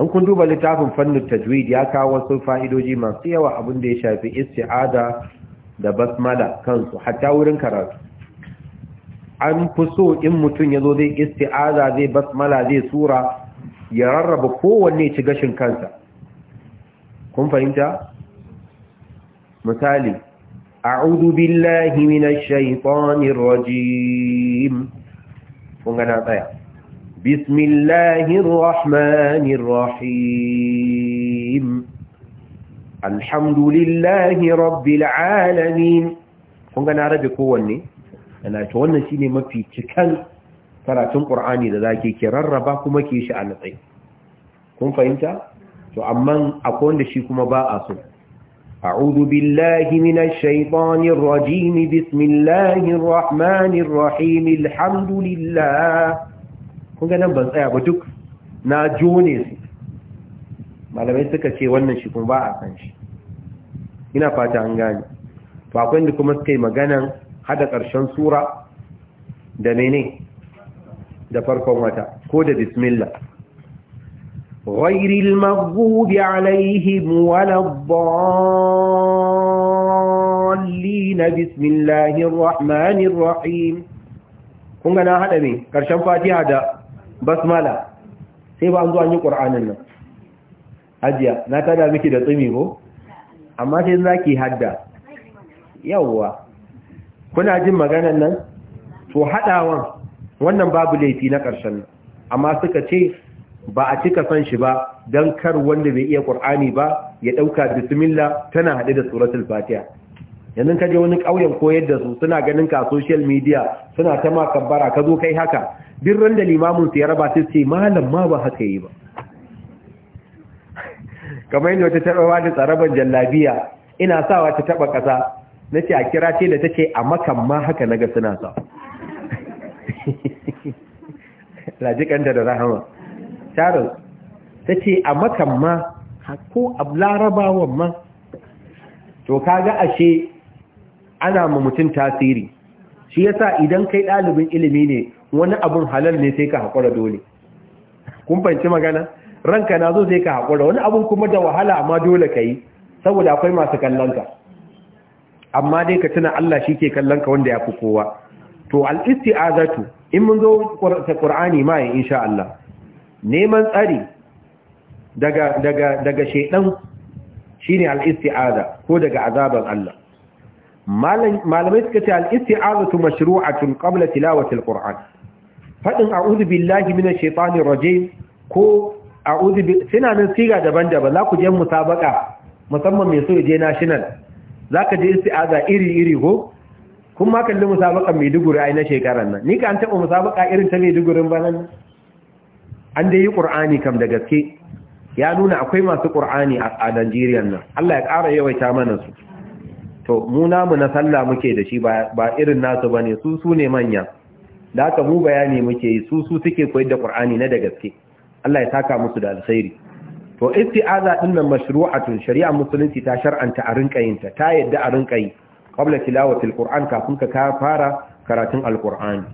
an kun duba littafin fannin tajwid ya kawo wasu fa'idoji masu yawa abin da ya shafi isti'ada da basmala kansu hatta wurin karatu an fi so in mutum ya zo zai isti’ada zai basmala zai sura ya rarraba kowanne ci gashin kansa kun fahimta misali a'udu billahi minash shaitanir rajim kun ga na tsaya bismillahir rahmanir rahim alhamdulillahi rabbil alamin kun na rabe kowanne yana ta wannan shine mafi cikan karatun ƙur'ani da zake ke rarraba kuma ke shi a natsai kun fahimta to amma akwai wanda shi kuma ba a so أعوذ بالله من الشيطان الرجيم بسم الله الرحمن الرحيم الحمد لله kun ga nan ban tsaya ba duk na jone su malamai suka ce wannan shi kuma ba a san shi ina fata an gane to akwai da kuma suka yi maganan hada ƙarshen sura da mene da farkon wata ko da bismillah غير المغضوب عليهم ولا الضالين بسم الله الرحمن الرحيم kun gana haɗa mai ƙarshen fatiha da basmala sai ba an zuwa yi ƙur'anin nan ajiya na tada miki da tsumi ko amma sai za ki hadda yawwa kuna jin maganan nan to haɗawan wannan babu laifi na ƙarshen nan amma suka ce ba a cika san shi ba don kar wanda bai iya ƙur'ani ba ya ɗauka bismillah tana haɗe da suratul fatiha yanzu ka je wani ƙauyen koyar da su suna ganin ka social media suna ta ma kabbara ka zo kai haka duk ran da limamin su ya raba su ce malam ma ba haka yi ba kamar yadda wata taɓa da tsaraban jallabiya ina sawa ta taɓa ƙasa na ce a kira ce da ta a makan ma haka naga suna sa lajiƙanta da rahama tarin ta ce a makan ma ko a larabawan ma to kaga ashe ana ma mutum tasiri shi yasa idan kai ɗalibin ilimi ne wani abun halal ne sai ka haƙura dole kun fahimci magana ranka na zo sai ka haƙura wani abun kuma da wahala amma dole ka yi saboda akwai masu kallonka amma dai ka tuna Allah shi ke kallonka wanda ya fi kowa to al zato, in mun zo ta ƙur'ani ma insha Allah neman tsari daga shaidan shi ne shine ko daga azaban Allah malamai suka ce al-isti'azatu a qabla tilawati al-qur'an Faɗin a'udhu billahi minash shaifani raje ko a'udhu bi suna nan siga daban-daban za ku je musabaka musamman mai so je national ka je isti'aza iri-iri ko kun musabakan kalli duguri Maiduguri ai na shekarar nan ni ka an taba musabaka irin ta mai dugurin ba nan an dai yi ƙur'ani kam da gaske ya nuna akwai masu ƙur'ani a Najeriya nan Allah ya ƙara yawaita mana su to mu namu na sallah muke da shi ba irin nasu bane su su ne manya da haka mu bayani muke yi su su suke koyar da ƙur'ani na da gaske Allah ya saka musu da alkhairi to isti'aza din nan mashru'atun shari'a musulunci ta shar'anta a rinka yin ta ta yadda a rinka yi qabla tilawatil qur'an kafin ka fara karatun alqur'ani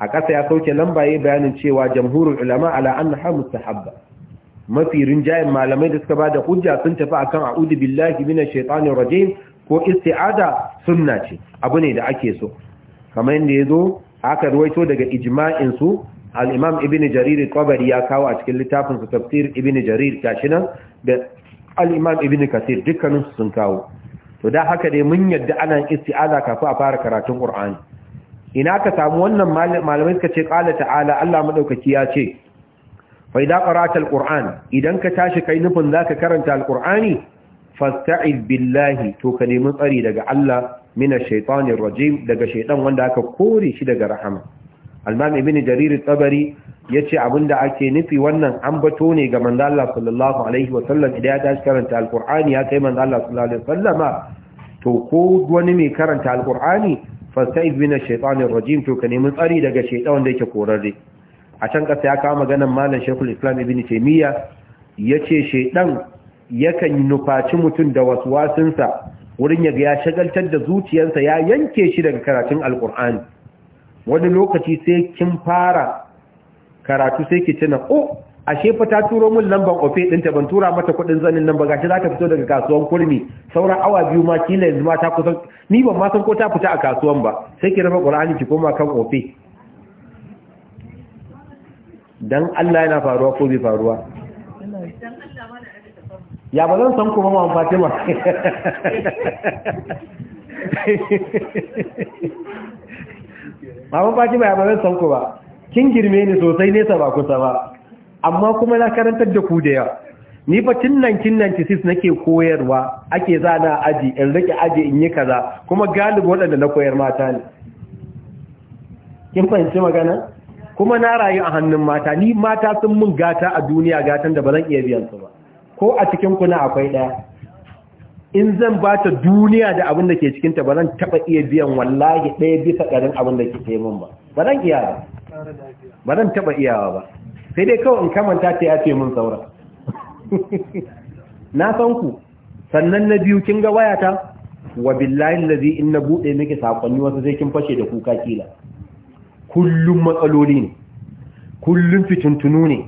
a ƙasa ya sauke lambaye bayanin cewa jamhurin ulama ala annaha mustahabba mafi rinjayen malamai da suka ba da hujja sun tafi akan a'udu billahi mina shaitanin rajim ko isti'ada sunna ce abu ne da ake so kamar yadda ya zo, aka ruwaito daga ijma'in su al ibn jarir ya kawo a cikin littafin su tafsir ibn jarir gashi nan da al'imam ibn kasir dukkanin sun kawo to da haka dai mun yadda ana Isti'ada kafin a fara karatun qur'ani ina ka samu wannan malamai suka ce ƙala ta'ala Allah madaukaki ya ce fa idza qara'ta idan ka tashi kai nufin zaka karanta Alƙur'ani? fasta'iz billahi to ka nemi tsari daga Allah mina shaitanir rajim daga shaitan wanda aka kore shi daga rahama almam imam ibn jarir at-tabari yace abinda ake nufi wannan ambato ne ga manzo Allah sallallahu alaihi wa sallam idan ya tashi karanta Alƙur'ani ya kai manzo Allah sallallahu alaihi wa sallama to ko wani mai karanta Alƙur'ani? fasta'iz min ash-shaytanir rajim to ka nemi tsari daga shaytan da yake korarre a can kasa ya kama maganar malam shaykhul Islam Ibn taymiya yace shaytan yakan nufaci mutum da wasinsa. wurin yaga ya shagaltar da zuciyarsa ya yanke shi daga karatun alqur'ani wani lokaci sai kin fara karatu sai ki tuna oh ashe fa ta turo min lambar ofe ta ban tura mata kuɗin zanin nan ba gashi za ta fito daga kasuwan kurmi sauran awa biyu ma kila yanzu ma ta kusan ni ban ma san ko ta fita a kasuwan ba sai ki raba qur'ani ki koma kan ofe dan Allah yana faruwa ko bai faruwa ya ba zan san kuma ma Fatima Maman Fatima ya ba zan san ku ba kin girme ni sosai nesa ba kusa ba amma kuma na karantar da ku da yawa ni fa tun 1996 nake koyarwa ake zana aji in rike aji in yi kaza kuma galibi waɗanda na koyar mata ne kin fahimci magana kuma na rayu a hannun mata ni mata sun mun gata a duniya gatan da ba zan iya biyan su ba ko a cikin kuna akwai ɗaya in zan ba ta duniya da abin da ke cikin ta ba zan taɓa iya biyan wallahi ɗaya bisa ɗarin abin da ke min ba ba zan iya ba ba zan taɓa iyawa ba sai dai kawai in kamanta ta ya ce mun saura na san ku sannan na biyu kin ga wayata wa billahi allazi in na bude miki sakonni wasu sai kin fashe da kuka kila kullum matsaloli ne kullum fitintunu ne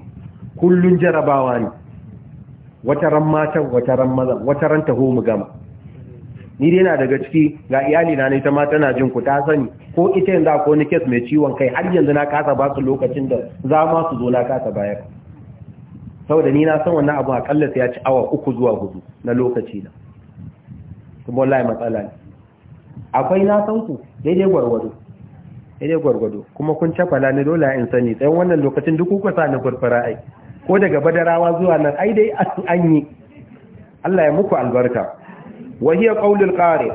kullum jarabawa ne wata ran matan wata ran maza wata ran taho mu gama ni dai na daga ciki ga iyali na ta ma tana jin ku ta sani ko ita yanzu akwai wani kes mai ciwon kai har yanzu na kasa ba su lokacin da za ma su zo na kasa bayar saboda ni na san wannan abu akalla sai ya ci awa uku zuwa hudu na lokaci na kuma wallahi matsala ne akwai na san ku daidai gwargwado daidai gwargwado kuma kun cafala ni dole in sani tsayin wannan lokacin duk kuka sa ni gurfara ai ko daga badarawa zuwa nan ai dai an yi Allah ya muku albarka wa hiya qaulul qari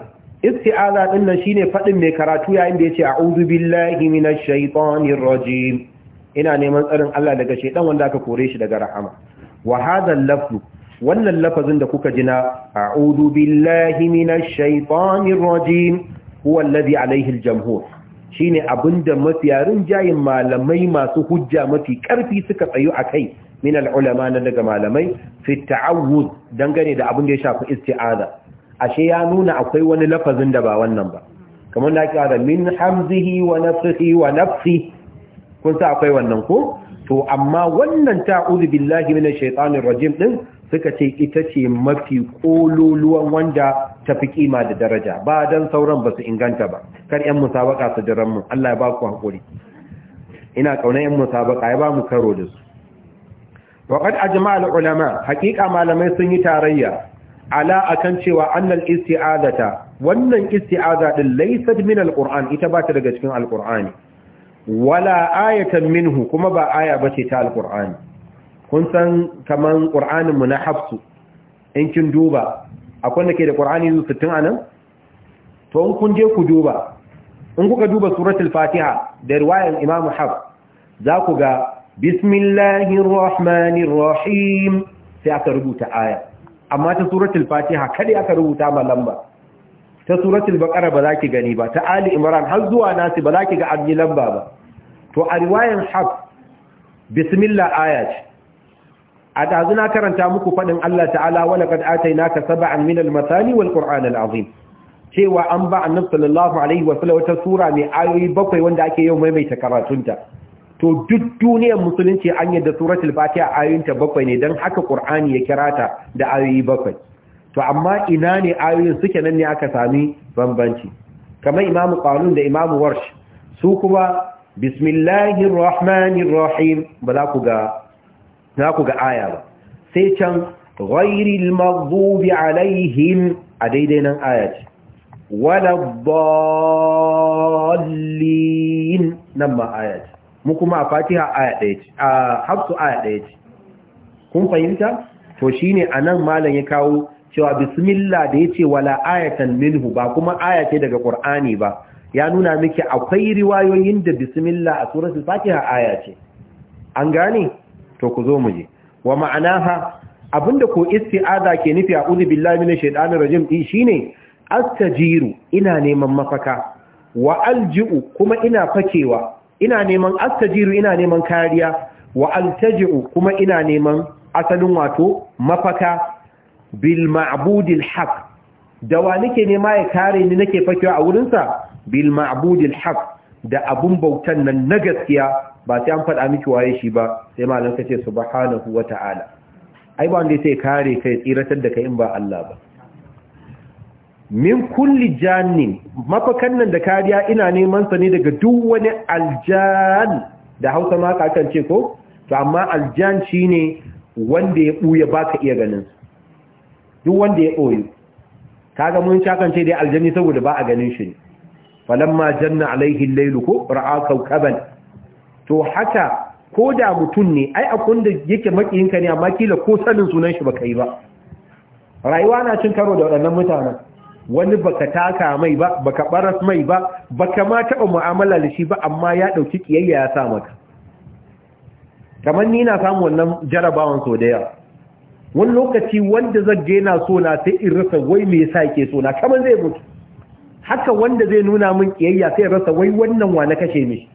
isti'aza ɗinnan nan shine faɗin mai karatu yayin da yace a'udhu billahi minash shaitanir rajim ina neman tsarin Allah daga shaitan wanda aka kore shi daga rahama wa hadha wannan lafazin da kuka jina a'udhu billahi minash shaitanir rajim huwa alladhi alayhi al-jamhur shine abinda mafiyarin jayin malamai masu hujja mafi karfi suka tsayo akai min al-ulama na daga malamai fi ta'awud dangane da abin da ya shafi isti'aza ashe ya nuna akwai wani lafazin da ba wannan ba kamar da ake da min hamzihi wa nafsihi wa nafsi kun sa akwai wannan ko to amma wannan ta'udhu billahi minash shaitanir rajim din suka ce ita ce mafi kololuwan wanda ta fi kima da daraja ba dan sauran ba su inganta ba kar yan musabaka su jiran mu Allah ya baku ku hakuri ina kauna yan musabaka ya ba mu karo da su waqad ajma'a al ulama haqiqa malamai sun yi tarayya ala akan cewa annal isti'azata wannan isti'aza din laysat min alquran ita ba ta daga cikin alqurani wala ayatan minhu kuma ba aya bace ta alqurani kun san kaman qur'anin mu na hafsu in kin duba akwai da ke da qur'ani 60 anan to in kun je ku duba in kuka duba suratul fatiha da riwayar imam hafs za ku ga bismillahir rahmanir rahim sai aka rubuta aya amma ta suratul fatiha kada aka rubuta ma lamba ta suratul baqara ba za ki gani ba ta ali imran har zuwa nasi ba za ki ga abni lamba ba to a riwayan haf bismillah aya ce a na karanta muku fadin Allah ta'ala wa laqad atainaka sab'an min al-mathani wal qur'an al-azim cewa an ba annabi sallallahu alaihi wa sallam wata sura mai ayoyi bakwai wanda ake yau maimaita karatunta to duk duniyar musulunci an yadda suratul fatiha ayoyinta bakwai ne don haka qur'ani ya kirata da ayoyi bakwai to amma ina ne ayoyin suke nan ne aka sami bambanci kamar imamu qanun da imamu warsh su kuma bismillahir rahmanir rahim ba za ku ga za aya ba sai can ghayril maghdubi alaihim a daidai nan aya ce wala dallin nan ma aya mu kuma a fatiha aya ɗaya ce a hafsu aya ɗaya ce kun fahimta to shine anan malam ya kawo cewa bismillah da yace wala ayatan minhu ba kuma aya ce daga qur'ani ba ya nuna miki akwai riwayoyin da bismillah a suratul fatiha aya ce an gane to ku zo mu je wa ma'anaha abinda ko isti'aza ke nufi a a'udhu billahi minash shaitanir rajim din shine astajiru ina neman mafaka wa alji'u kuma ina fakewa ina neman astajiru ina neman kariya wa altaji'u kuma ina neman asalin wato mafaka bil ma'budil haq da wa nake nema ya kare ni nake fakewa a wurinsa bil ma'budil haq da abun bautan nan na gaskiya ba sai an faɗa miki waye shi ba sai malam kace subhanahu wata'ala ai ba wanda sai kare kai tsiratar da kai in ba Allah ba min kulli mafakan nan da kariya ina neman sa ne daga duk wani aljan da hausa ma ka kan ce ko to amma aljan shine wanda ya buya baka iya ganin duk wanda ya boye kaga mun shakance dai aljanni saboda ba a ganin shi falamma janna alaihi al-lailu ko ra'a kawkaban to haka ko da mutun ne ai akun da yake makiyinka ne amma kila ko sanin sunan shi baka yi ba rayuwa na cin karo da waɗannan mutanen wani baka taka mai ba baka baras mai ba baka ma taɓa mu'amala da shi ba amma ya ɗauki ƙiyayya ya sa maka kamar ni na samu wannan jarabawan so da yawa wani lokaci wanda zan je na so na sai in rasa wai me yasa yake so na kamar zai mutu haka wanda zai nuna min ƙiyayya sai in rasa wai wannan wa na kashe mishi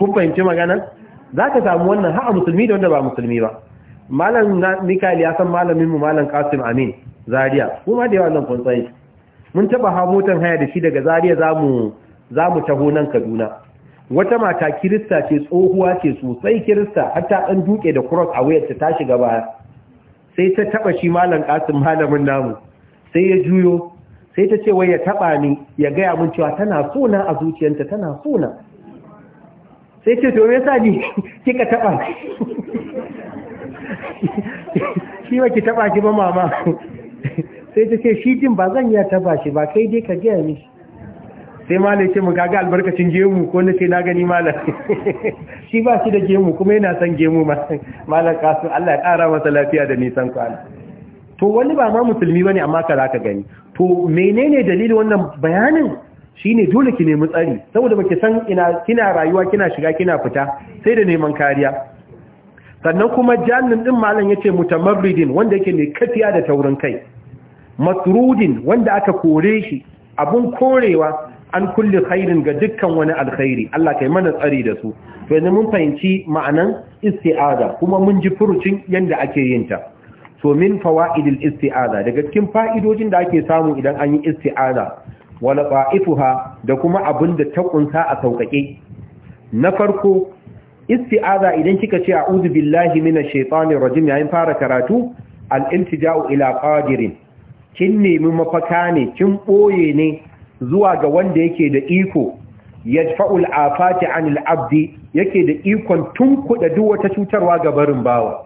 kun fahimci magana za ka samu wannan ha'a musulmi da wanda ba musulmi ba malam mikali ya san malamin mu malam kasim amin Zariya, ko ma da yawa nan kun tsaye mun taba ha motar haya da shi daga Zariya zamu zamu taho nan Kaduna wata mata kirista ce tsohuwa ce sosai kirista har ta dan duke da cross a wayarta ta shiga baya sai ta taba shi malam kasin malamin namu sai ya juyo sai ta ce wai ya taba ni ya gaya mun cewa tana sona a zuciyarta tana sona sai ce to me yasa ni kika taba shi ba ki taba ki ba mama sai ta ce shi din ba zan ya taba shi ba kai dai ka gaya shi sai ma ce mu ga albarkacin gemu ko na ce na gani malam shi ba shi da gemu kuma yana son gemu malam kasu Allah ya kara masa lafiya da nisan kwana to wani ba ma musulmi ne amma ka ka gani to menene dalilin wannan bayanin Shi ne dole ki nemi tsari saboda ba ki san ina kina rayuwa kina shiga kina fita sai da neman kariya sannan kuma jannin din malam yace mutamarridin wanda yake mai katiya da taurin kai masrudin wanda aka kore shi abun korewa an kulli khairin ga dukkan wani alkhairi Allah kai mana tsari da su to yanzu mun fahimci ma'anan isti'aza kuma mun ji furucin yanda ake yin ta to min fawaidil isti'aza daga cikin fa'idojin da ake samu idan an yi isti'aza wala fa'ifuha da kuma abin da ta kunsa a sauƙaƙe. na farko isti'aza idan kika ce a'udhu billahi minash shaitanir rajim yayin fara karatu al-iltija'u ila qadirin kin nemi mafaka ne kin boye ne zuwa ga wanda yake da iko yadfa'ul afati 'anil 'abdi yake da ikon tunkuda duk wata cutarwa ga barin bawa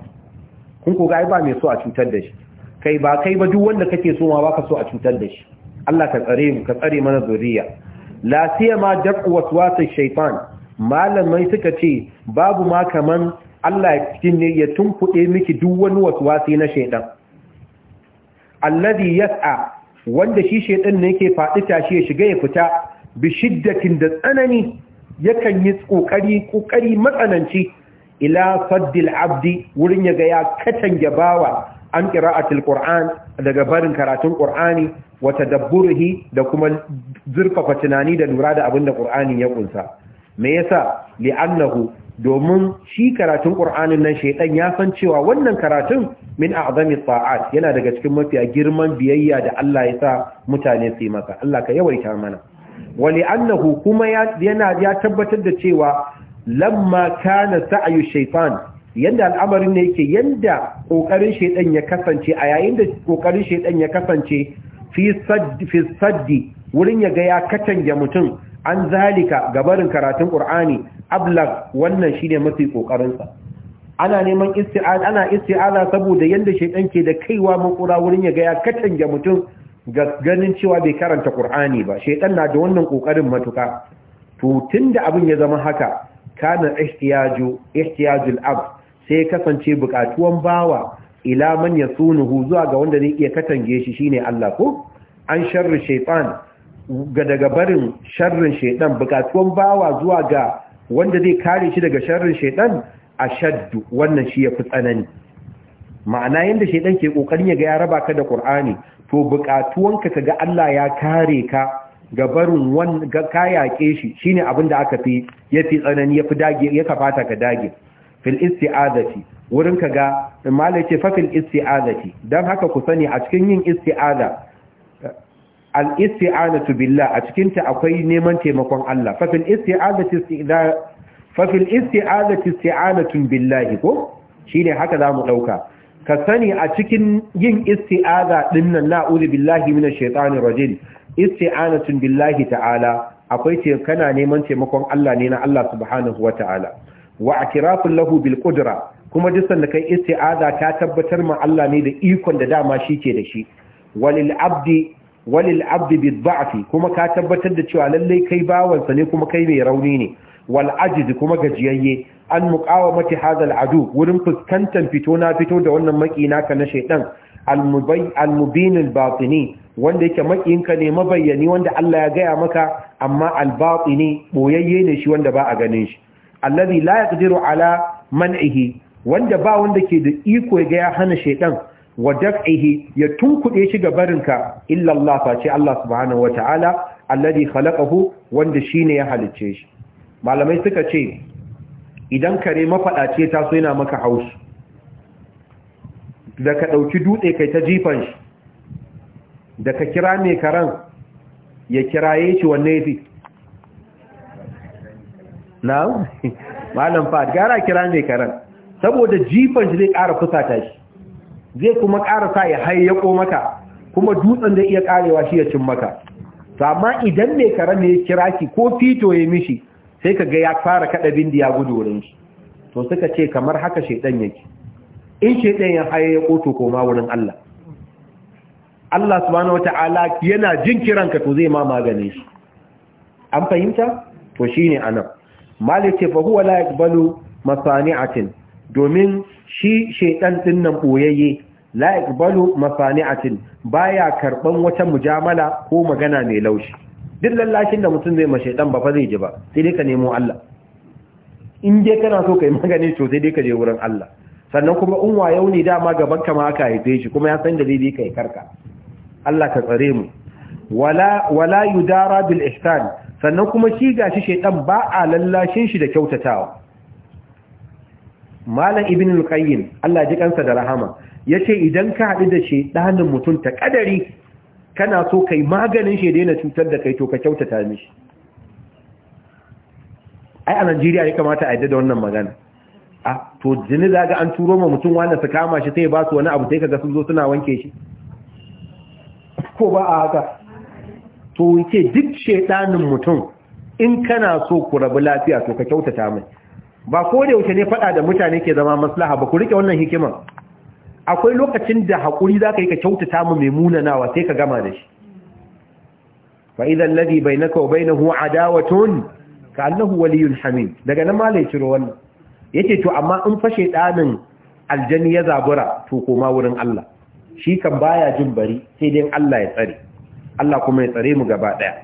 kun ko ga ai ba mai so a cutar da shi kai ba kai ba duk wanda kake so ma baka so a cutar da shi Allah ka tsare mu ka tsare mana zuriya la siyama daf'u waswasar shaitan malamai suka ce babu ma kaman Allah ne ya tunkuɗe miki duk wani wasu wasi na shaidan allazi yas'a wanda shi shaidan ne yake faɗi tashi ya shiga ya fita bi shiddatin da tsanani yakan yi kokari kokari matsananci ila faddil abdi wurin ya ga ya katange bawa an qira'atul qur'an daga barin karatun qur'ani wa tadabburihi da kuma zurfafa tunani da lura da abinda da qur'ani ya kunsa me yasa li'annahu domin shi karatun qur'anin nan shaytan ya san cewa wannan karatun min a'zami ta'at yana daga cikin mafiya girman biyayya da Allah ya sa mutane su yi masa Allah ka yawaita mana wali annahu kuma yana ya tabbatar da cewa lamma kana sa'yu shaytan yanda al'amarin ne yake yanda kokarin shaytan ya kasance a yayin da kokarin shaytan ya kasance fi saddi fi saddi wurin ya ga ya katange mutum an zalika ga barin karatun qur'ani ablag wannan shine mafi kokarin sa ana neman istiala ana saboda yanda shaytan ke da kaiwa makura wurin ya ga ya katange mutum ga ganin cewa bai karanta qur'ani ba shaytan na da wannan kokarin matuka to tunda abin ya zama haka kana ihtiyaju ihtiyajul abd sai kasance bukatuwan bawa ila man yasunuhu zuwa ga wanda zai iya katange shi shine Allah ko an sharri shaytan ga daga barin sharrin shaidan bukatuwan bawa zuwa ga wanda zai kare shi daga sharrin shaidan a shaddu wannan shi ya tsanani ma'ana yadda shaidan ke kokarin ya ga ya raba ka da qur'ani to bukatuwanka ga Allah ya kare ka ga barin wan ga kayake shi shine abin da aka fi yafi tsanani yafi dage ya kafata ka dage fil isti'azati wurin kaga malai ce fa fil isti'azati dan haka ku sani a cikin yin isti'aza al-isti'anatu billah a cikin ta akwai neman taimakon Allah fa fil isti'azati billahi ko haka zamu ɗauka ka sani a cikin yin isti'aza dinnan na'udhu billahi mina shaitanir rajim isti'anatun billahi ta'ala akwai ce kana neman taimakon Allah ne na Allah subhanahu wata'ala wa atirafun lahu bil qudra kuma duk da kai isti'aza ta tabbatar ma Allah ne da ikon da dama shi ke da shi walil abdi walil abdi dha'fi kuma ka tabbatar da cewa lalle kai bawansa ne kuma kai mai rauni ne wal ajiz kuma gajiyayye an muqawamati hadha al adu wurin fuskantar fito na fito da wannan maki naka na shaytan al mubay al mubin al batini wanda yake ka ne mabayyani wanda Allah ya gaya maka amma al batini boyayye ne shi wanda ba a ganin shi allazi la yaqdiru ala man'ihi wanda ba wanda ke da iko ya ga ya hana shaytan wa daf'ihi ya tunkuɗe shi ga barinka illa Allah face Allah subhanahu wata'ala alladhi khalaqahu wanda shine ya halicce shi malamai suka ce idan kare mafadace ta so yana maka haushi da ka dauki dutse kai ta jifan shi da ka kira mai karan ya kiraye shi wanne yafi na malam fa gara kira mai karan saboda jifan shi zai ƙara fusata shi zai kuma ƙara sa ya hayyako maka kuma dutsen zai iya ƙarewa shi ya cin maka to amma idan mai karen ya kira ki ko fito ya mishi sai ka ga ya fara kaɗa bindi ya gudu wurin shi to suka ce kamar haka shaidan yake in shaidan ya hayyako to koma wurin Allah Allah subhanahu wata'ala yana jin kiran ka to zai ma magane shi an fahimta to shine anan malik ce fa huwa la yaqbalu masani'atin domin shi shaidan din nan boyayye la iqbalu masani'atin baya karban wata mujamala ko magana mai laushi duk lallashin da mutum zai ma shaidan ba fa zai ji ba sai dai ka nemo Allah in dai kana so kai magani to sai dai ka je wurin Allah sannan kuma in yau ne dama gaban ka ma aka haife shi kuma ya san da zai bi kai karka Allah ka tsare mu wala wala yudara bil ihsan sannan kuma shi gashi shaidan ba a lallashin shi da kyautatawa malam ibn al-qayyim Allah ji kansa da rahama yace idan ka hadu da danin mutum ta kadari kana so kai maganin shi daina cutar da kai to ka kyautata mishi ai a Najeriya ya kamata a yadda da wannan magana a to jini zaga an turo ma mutum wanda su kama shi sai ba su wani abu sai kaga sun zo suna wanke shi ko ba a haka to yake duk shedanin mutum in kana so ku rabu lafiya to ka kyautata mai ba ko da yaushe ne faɗa da mutane ke zama maslaha ba ku rike wannan hikiman akwai lokacin da hakuri zaka yi ka kyautata mu mai munanawa sai ka gama da shi fa ladi bai na wa bainahu adawatun ka annahu waliyun Hamim daga nan malai ciro wannan ya to amma in fashe ɗanin aljani ya zabura to koma wurin Allah shi kan baya jin bari sai dai Allah ya tsare Allah kuma ya tsare mu gaba ɗaya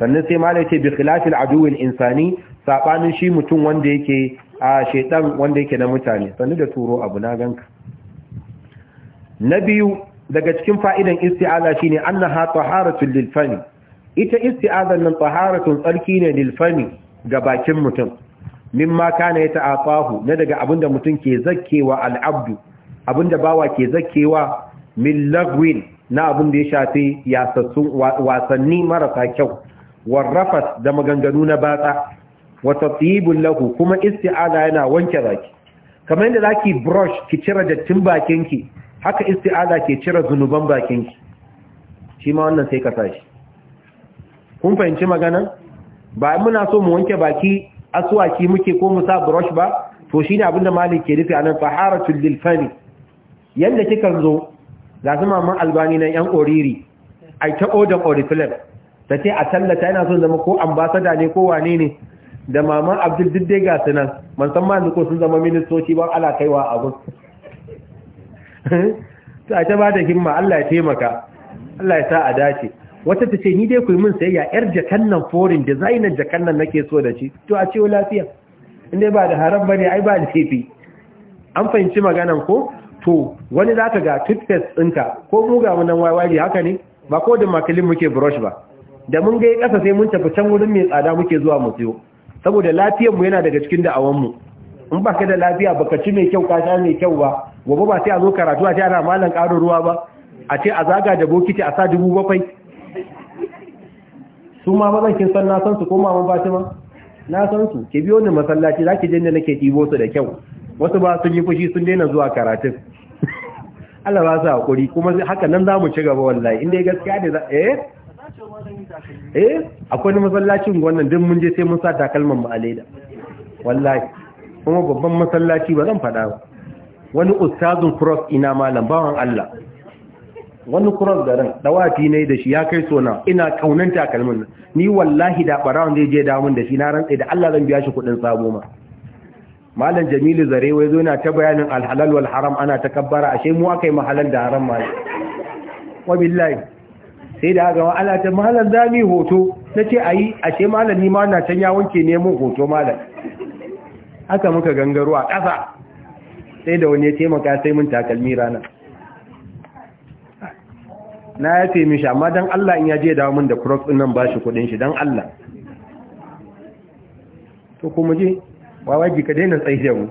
sannan sai malai ce bi khilafil aduwil insani saɓanin shi mutum wanda yake a shaidan wanda yake na mutane sannu da turo abu na ganka na biyu daga cikin fa'idan isti'aza shine annaha taharatul lil fami ita isti'azan nan taharatun tsarki ne lil ga bakin mutum mimma kana ya ta'afahu na daga abinda mutum ke zakkewa al'abdu abinda bawa ke zakkewa min lagwin na abinda ya shafi yasassun wasanni marasa kyau warrafas da maganganu na batsa wata tatyibul lahu kuma isti'aza yana wanke zaki kamar yadda zaki brush ki cire dattin bakinki haka isti'aza ke cire zunuban bakinki shi ma wannan sai ka tashi kun fahimci magana ba muna so mu wanke baki asuwaki muke ko mu sa brush ba to shine abinda malik ke nufi anan faharatul lil fani yanda kika zo ga su maman albani na yan oriri ai ta odan oriflame ta a tallata yana son zama ko ambasada ne ko wane ne da mama abdul didde ga su nan man san ma ko sun zama ministoci ban ala kaiwa abin ta ta ba da himma Allah ya taimaka Allah ya sa a dace wata ta ce ni dai ku yi min sayayya yar jakan nan foreign designer jakannan nan nake so da shi to a ce lafiya in dai ba da haram bane ai ba da fifi an fahimci maganan ko to wani zaka ga toothpaste ɗinka ko mu ga nan wayaye haka ne ba ko da makilin muke brush ba da mun ga ƙasa sai mun tafi can wurin mai tsada muke zuwa mu siyo saboda lafiyar lafiyarmu yana daga cikin mu, in ba baka da lafiya ba ka ci mai kyau ka sha mai kyau ba gobe ba sai a zo karatu a ce ana malan ƙarin ruwa ba a ce a zaga da bokiti a sa dubu bakwai su ma zan kin san na san su ko fatima na san su ke biyo ni masallaci za ki janye nake ɗibo su da kyau wasu ba sun yi fushi sun daina zuwa karatun Allah ba su haƙuri kuma haka nan za mu ci gaba wallahi inda gaskiya da za eh eh akwai wani masallacin wannan din mun je sai mun sa takalman mu a leda wallahi kuma babban masallaci ba zan fada ba wani ustazun cross ina malam bawan Allah wani cross da dawafi ne da shi ya kai sona ina kaunan takalmin ni wallahi da barawon zai je damun da shi na rantsa da Allah zan biya shi kuɗin sabo ma malam Jamilu wai zo yana ta bayanin alhalal wal haram ana takabbara ashe mu akai mahalal da haram malam wabillahi sai da ga ana ta mahalar zami hoto na ce a yi a ce ma nima na can ya wanke neman hoto malam. haka muka gangaro a ƙasa sai da wani ya taimaka sai mun takalmi rana na ya ce mishi amma don Allah in ya je dawo min da kurok din nan ba shi kuɗin shi don Allah to kuma je wawaji ka daina tsaye da mu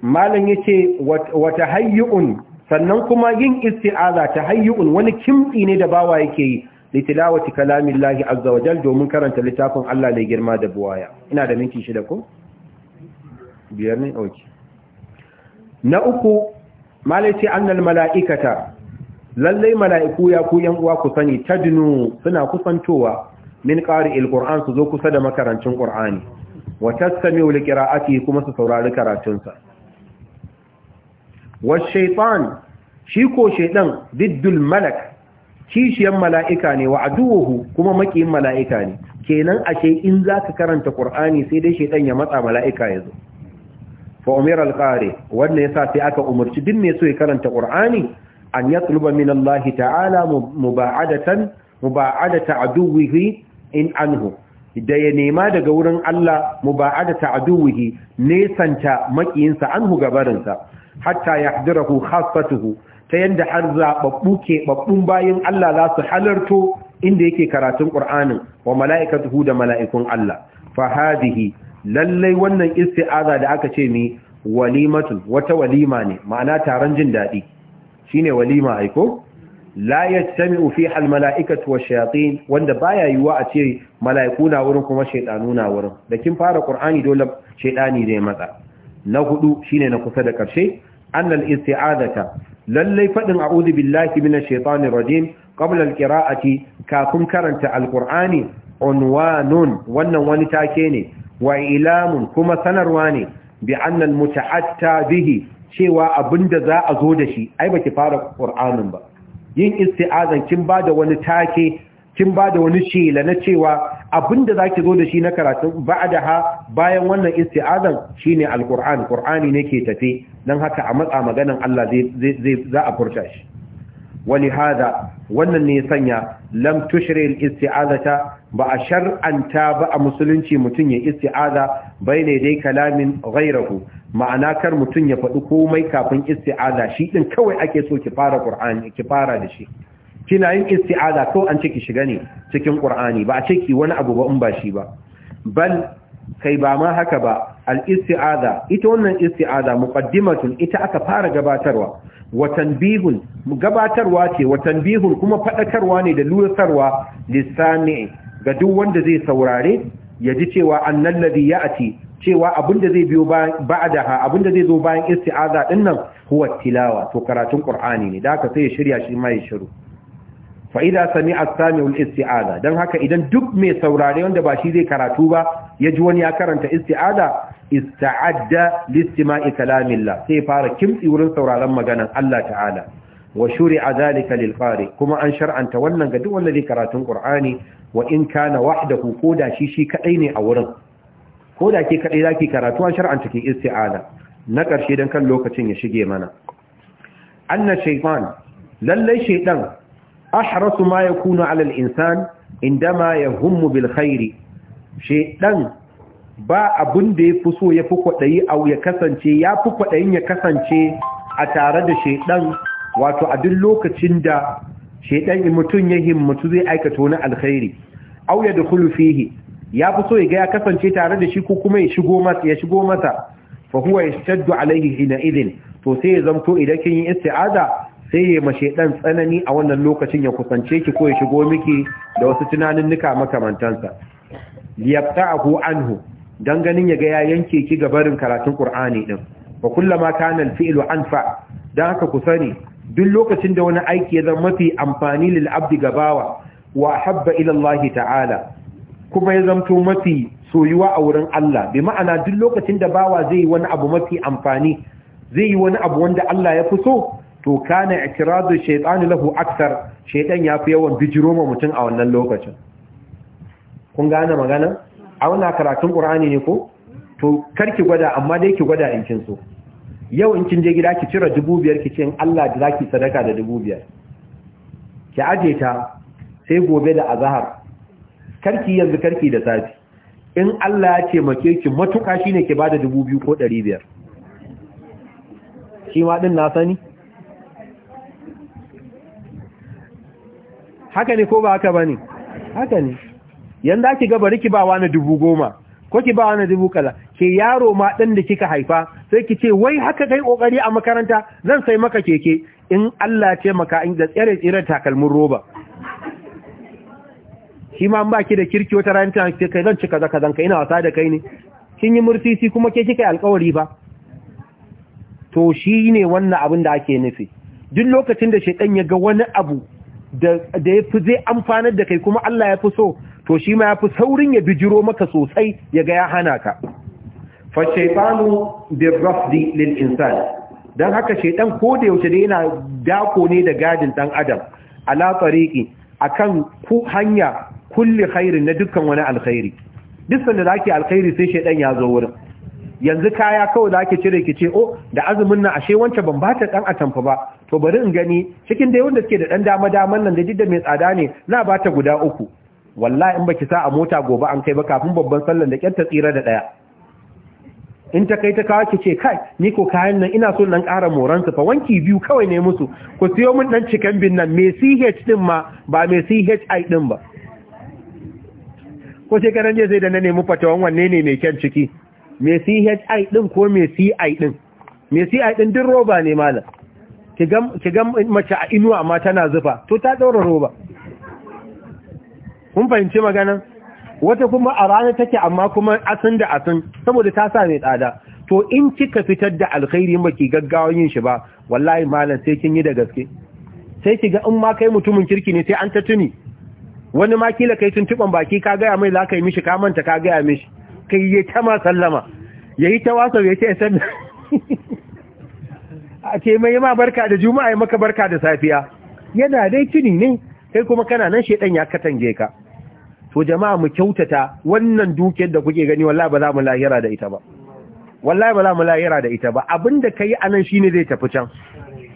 malam ya ce wata hayyun sannan kuma yin isti'aza ta hayyun wani kimtsi ne da bawa yake yi litilawati kalamillahi azza wa domin karanta littafin Allah mai girma da buwaya ina da minti shida ko biyar ne oke na uku malaiti annal mala'ikata lallai mala'iku ya ku yan uwa ku sani tadnu suna kusantowa min ƙari ilƙur'an su zo kusa da makarancin qur'ani wa tasmi'u liqira'ati kuma su saurari karatunsa والشيطان شيكو شيطان ضد malak kishiyan mala'ika ne wa kuma makiyin mala'ika ne kenan ashe in za karanta ƙur'ani sai dai shaidan ya matsa mala'ika ya zo fa'umir alƙare wannan ya sa sai aka umarci duk mai so ya karanta Kur'ani? an ya tsuluba min Allah ta'ala muba'adata aduwuhi in anhu da ya nema daga wurin Allah muba'adata aduwuhi nesanta makiyinsa anhu gabarinsa hatta yahdirahu khassatuhu ta yanda har zababbu ke bayan Allah za su halarto inda yake karatun ƙur'anin wa mala'ikatuhu da mala'ikun Allah fa lallai wannan isti'aza da aka ce ni Walimatu wata walima ne ma'ana taron jin daɗi, shine walima aiko la hal mala'ikatu wa washayatin wanda baya yiwuwa a ce mala'iku na wurin kuma shaiɗanu na wurin da kin fara ƙur'ani dole shaiɗani zai matsa na hudu shine na kusa da ƙarshe annal isti'adata lallai fadin a'udhu billahi minash shaitanir rajim qabla alqira'ati kafin karanta alqur'ani unwanun wannan wani take ne wa ilamun kuma sanarwa ne bi annal muta'atta bihi cewa abinda za a zo da shi ai baki fara qur'anin ba yin isti'azan kin bada wani take kin ba da wani shela na cewa abinda zaki zo da shi na karatun daha bayan wannan isti'azan shine alkur'an kur'ani ne ke tafe dan haka a matsa maganan Allah zai za a furta shi Wani hada wannan ne sanya lam tushri istiazata ba a shar'anta ba a musulunci mutum ya isti'aza ne dai kalamin ghairahu ma'ana kar mutum ya faɗi komai kafin isti'aza shi ɗin kawai ake so ki fara ki fara da shi kina yin isti'aza ko an ce ki shiga ne cikin qur'ani ba a ce ki wani abu ba in ba shi ba bal kai ba ma haka ba al-isti'aza ita wannan isti'aza muqaddimatun ita aka fara gabatarwa wa tanbihun gabatarwa ce wa tanbihun kuma fadakarwa ne da lusarwa lisani ga duk wanda zai saurare ya ji cewa annal ladhi ya'ti cewa abinda zai biyo ba'daha abinda zai zo bayan isti'aza dinnan huwa tilawa to karatun qur'ani ne da haka sai ya shirya shi ma ya shiru Fa'ida sami'ar sami'a as-sami'u Don dan haka idan duk mai saurare wanda ba shi zai karatu ba ya ji wani ya karanta isti'ada ista'adda listima'i ikalamilla sai fara kimtsi wurin sauraren maganan Allah ta'ala wa shuri'a zalika lil kuma an shar'anta wannan ga duk wanda zai karatun Kur'ani. wa in kana wahdahu koda shi shi kadai ne a wurin koda ke kadai zaki karatu an shar'anta ki isti'aza na karshe dan kan lokacin ya shige mana anna shaytan lallai shaiɗan. ahrasu ma yakunu ala al-insan indama ya bil khairi shedan ba abin da ya fi so ya fi kwaɗayi a ya kasance ya fi kwaɗayin ya kasance a tare da shaidan wato a duk lokacin da shaidan mutum ya himmatu zai aikata wani alkhairi au ya dukhulu fihi ya fi so ya kasance tare da shi ko kuma ya shigo masa ya shigo masa fa huwa yashtaddu alaihi hina idin to sai ya zamto idan kin yi isti'aza sai ya mashe dan tsanani a wannan lokacin ya kusance ki ko ya shigo miki da wasu tunanin nika makamantansa liyabta'ahu anhu dan ganin ya ga ya yanke ki ga barin karatun Qur'ani din wa kullama kana al-fi'lu anfa dan haka ku sani duk lokacin da wani aiki ya zama mafi amfani lil abdi gabawa wa habba ila ta'ala kuma ya zamto mafi soyuwa a wurin Allah bi ma'ana duk lokacin da bawa zai yi wani abu mafi amfani zai yi wani abu wanda Allah ya fi so to kana ikiradu shaytanu lahu akthar shaytan yafi yawan bijiro ma mutum a wannan lokacin kun gane magana a wannan karatun qur'ani ne ko to karki gwada amma dai ki gwada in so yau in kin je gida ki cira biyar ki ce in Allah da zaki sadaka da biyar. ki aje ta sai gobe da azhar karki yanzu karki da safi in Allah ya ce taimake ki matuka shine ki bada biyu ko biyar. shi ma din na sani haka ne ko ba haka ba ne haka ne yanda ake ga bari ki ba wani dubu goma ko ki ba wani dubu kala ke yaro ma ɗan da kika haifa sai ki ce wai haka kai kokari a makaranta zan sai maka keke in Allah ya taimaka in da tsere tsere takalmin roba shi ma ba ki da kirki wata rana, ta ce kai zan cika zaka zan kai ina wasa da kai ne kin yi murtisi kuma ke kika alƙawari ba to shi ne wannan abin da ake nufi duk lokacin da shaiɗan ya ga wani abu da ya fi zai amfanar da kai kuma Allah ya fi so to shi ma ya fi saurin ya bijiro maka sosai ya ga ya hana ka fa da birrafdi lil insan dan haka shaytan ko da yaushe da yana dako ne da gadin ɗan adam ala a kan ku hanya kulle khairin na dukkan wani alkhairi duk sanda zaki alkhairi sai shaytan ya zo wurin yanzu kaya kawai da ake cire ki ce o oh, da azumin nan ashe wancan ban bata dan atamfa ba to bari in gani cikin dai wanda suke da dan dama daman nan da didda mai tsada ne na bata guda uku wallahi in baki sa a mota gobe an kai ba kafin babban sallan da kyanta tsira da daya in ta kai ta kawo ki ce kai ni ko kayan nan ina so nan ƙara moran su fa wanki biyu kawai ne musu ku siyo min dan cikan bin nan me CH din ma ba me CHI din ba ko shekaran je sai da na nemi fatawan wanne ne mai kyan ciki mai CHI din ko mai CI din mai CI din din roba ne malam ki ga mace a inuwa amma tana zufa to ta daura roba kun fahimci magana wata kuma a rana take amma kuma asin da asin saboda ta sa mai tsada to in kika fitar da alkhairi baki gaggawa yin shi ba wallahi malam sai kin yi da gaske sai ki ga in ma kai mutumin kirki ne sai an ta tuni wani ma kila kai tuntuban baki ka gaya mai za ka yi mishi ka manta ka gaya mishi kai ya ta sallama ya yi ta wasa ya ce ya sallama a ke mai ma barka da juma'a ya maka barka da safiya yana dai tuni ne Sai kuma kana nan shaidan ya katange ka to jama'a mu kyautata wannan dukiyar da kuke gani wallahi ba za mu lahira da ita ba wallahi ba za mu lahira da ita ba abinda kai anan shine zai tafi can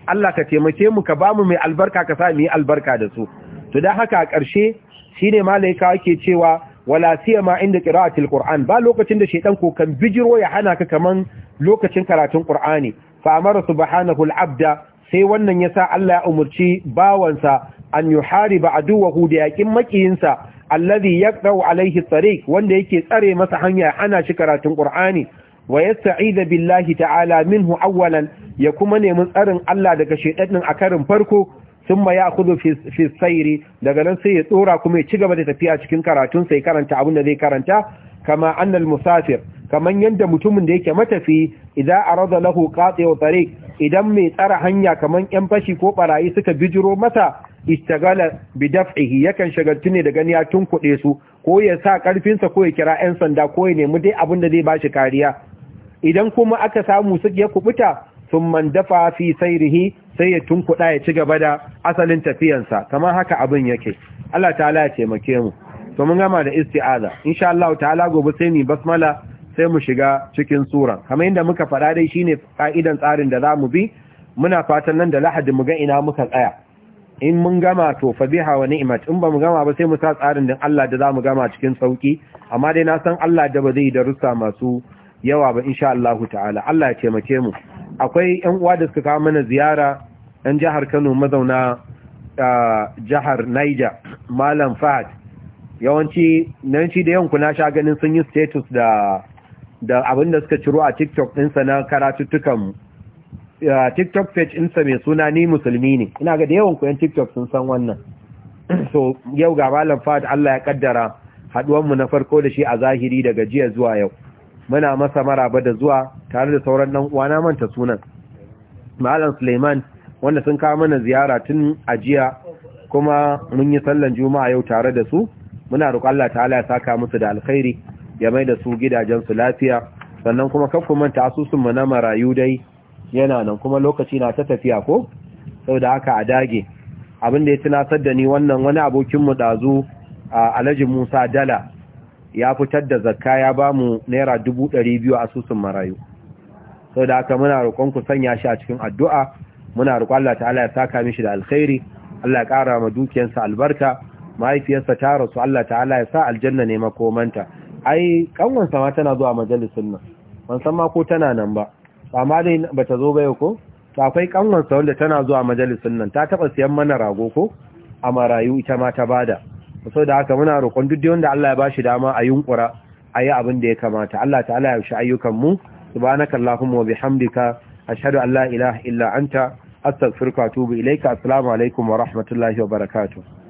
Allah ka taimake mu ka ba mu mai albarka ka sa mu yi albarka da su to dan haka a ƙarshe shine malaika yake cewa wala siyama inda qira'atil qur'an ba lokacin da shaytan ko kan bijiro ya hana ka kaman lokacin karatun qur'ani fa amara subhanahu al-abda sai wannan yasa Allah ya umurci bawansa an yuhariba aduwahu da yakin makiyinsa alladhi yaqta'u alayhi tariq wanda yake tsare masa hanya hana shi karatun qur'ani wa yasta'idha billahi ta'ala minhu awwalan ya kuma nemi tsarin Allah daga shaytanin a karin farko sun ma ya kudu fi sairi daga nan sai ya tsora kuma ya ci gaba da tafiya cikin karatun sai karanta abin da zai karanta kama annal musafir kaman yadda mutumin da yake matafi idan arada lahu wa tariq idan mai tsara hanya kaman yan fashi ko barayi suka bijiro mata istagala bi daf'ihi yakan shagaltu ne da gani ya tunkuɗe su ko ya sa karfinsa ko ya kira yan sanda ko ya nemi dai abin da zai bashi kariya idan kuma aka samu su ya kubuta Sun man dafa fi sairihi sai ya kuɗa ya ci gaba da asalin tafiyansa kamar haka abin yake Allah ta'ala ya taimake mu to mun gama da isti'aza insha Allah ta'ala gobe sai ni basmala sai mu shiga cikin sura kamar yadda muka faɗa dai shine ka'idan tsarin da zamu bi muna fatan nan da Lahadi mu ga ina muka tsaya in mun gama to fa biha wa ni'mat in ba mu gama ba sai mu sa tsarin din Allah da zamu gama cikin sauki amma dai na san Allah da ba zai darussa masu yawa ba insha Allah ta'ala Allah ya taimake mu akwai yan uwa da suka kawo mana ziyara yan jihar Kano mazauna jihar Niger Malam Fahad yawanci nan shi da yan na sha ganin sun yi status da da abin da suka ciro a TikTok ɗinsa na karatuttukan TikTok page ɗinsa mai suna ni musulmi ne ina ga da yawan ku yan TikTok sun san wannan so yau ga Malam Fahad Allah ya kaddara haduwanmu na farko da shi a zahiri daga jiya zuwa yau muna masa maraba da zuwa tare da sauran dan uwa na manta sunan malam Suleiman wanda sun kawo mana ziyara tun ajiya kuma mun yi sallan juma'a yau tare da su muna roƙon Allah ta'ala ya saka musu da alkhairi ya mai da su gidajen su lafiya sannan kuma kakku manta asusun mu na marayu dai yana nan kuma lokaci na ta tafiya ko saboda haka a dage abin da ya tunasar da ni wannan wani abokin mu dazu Alhaji Musa Dala ya fitar da zakka ya ba mu naira biyu a asusun marayu sau da aka muna roƙon ku sanya shi a cikin addu'a muna roƙon Allah ta'ala ya saka mishi da alkhairi Allah ya ƙara ma dukiyarsa albarka mahaifiyarsa ta rasu Allah ta'ala ya sa aljanna ne makomanta ai kanwansa ma tana zuwa majalisun nan ban ma ko tana nan ba amma dai ta zo ba yau ko to akwai wanda tana zuwa majalisin nan ta taɓa siyan mana rago ko a marayu ita ma ta bada so da haka muna roƙon duk wanda Allah ya bashi dama a yunkura a yi abin da ya kamata Allah ta'ala ya shi ayyukan mu subhanaka allahumma wa bihamdika ashhadu an la ilaha illa anta astaghfiruka wa atubu ilayka assalamu alaikum wa rahmatullahi wa barakatuh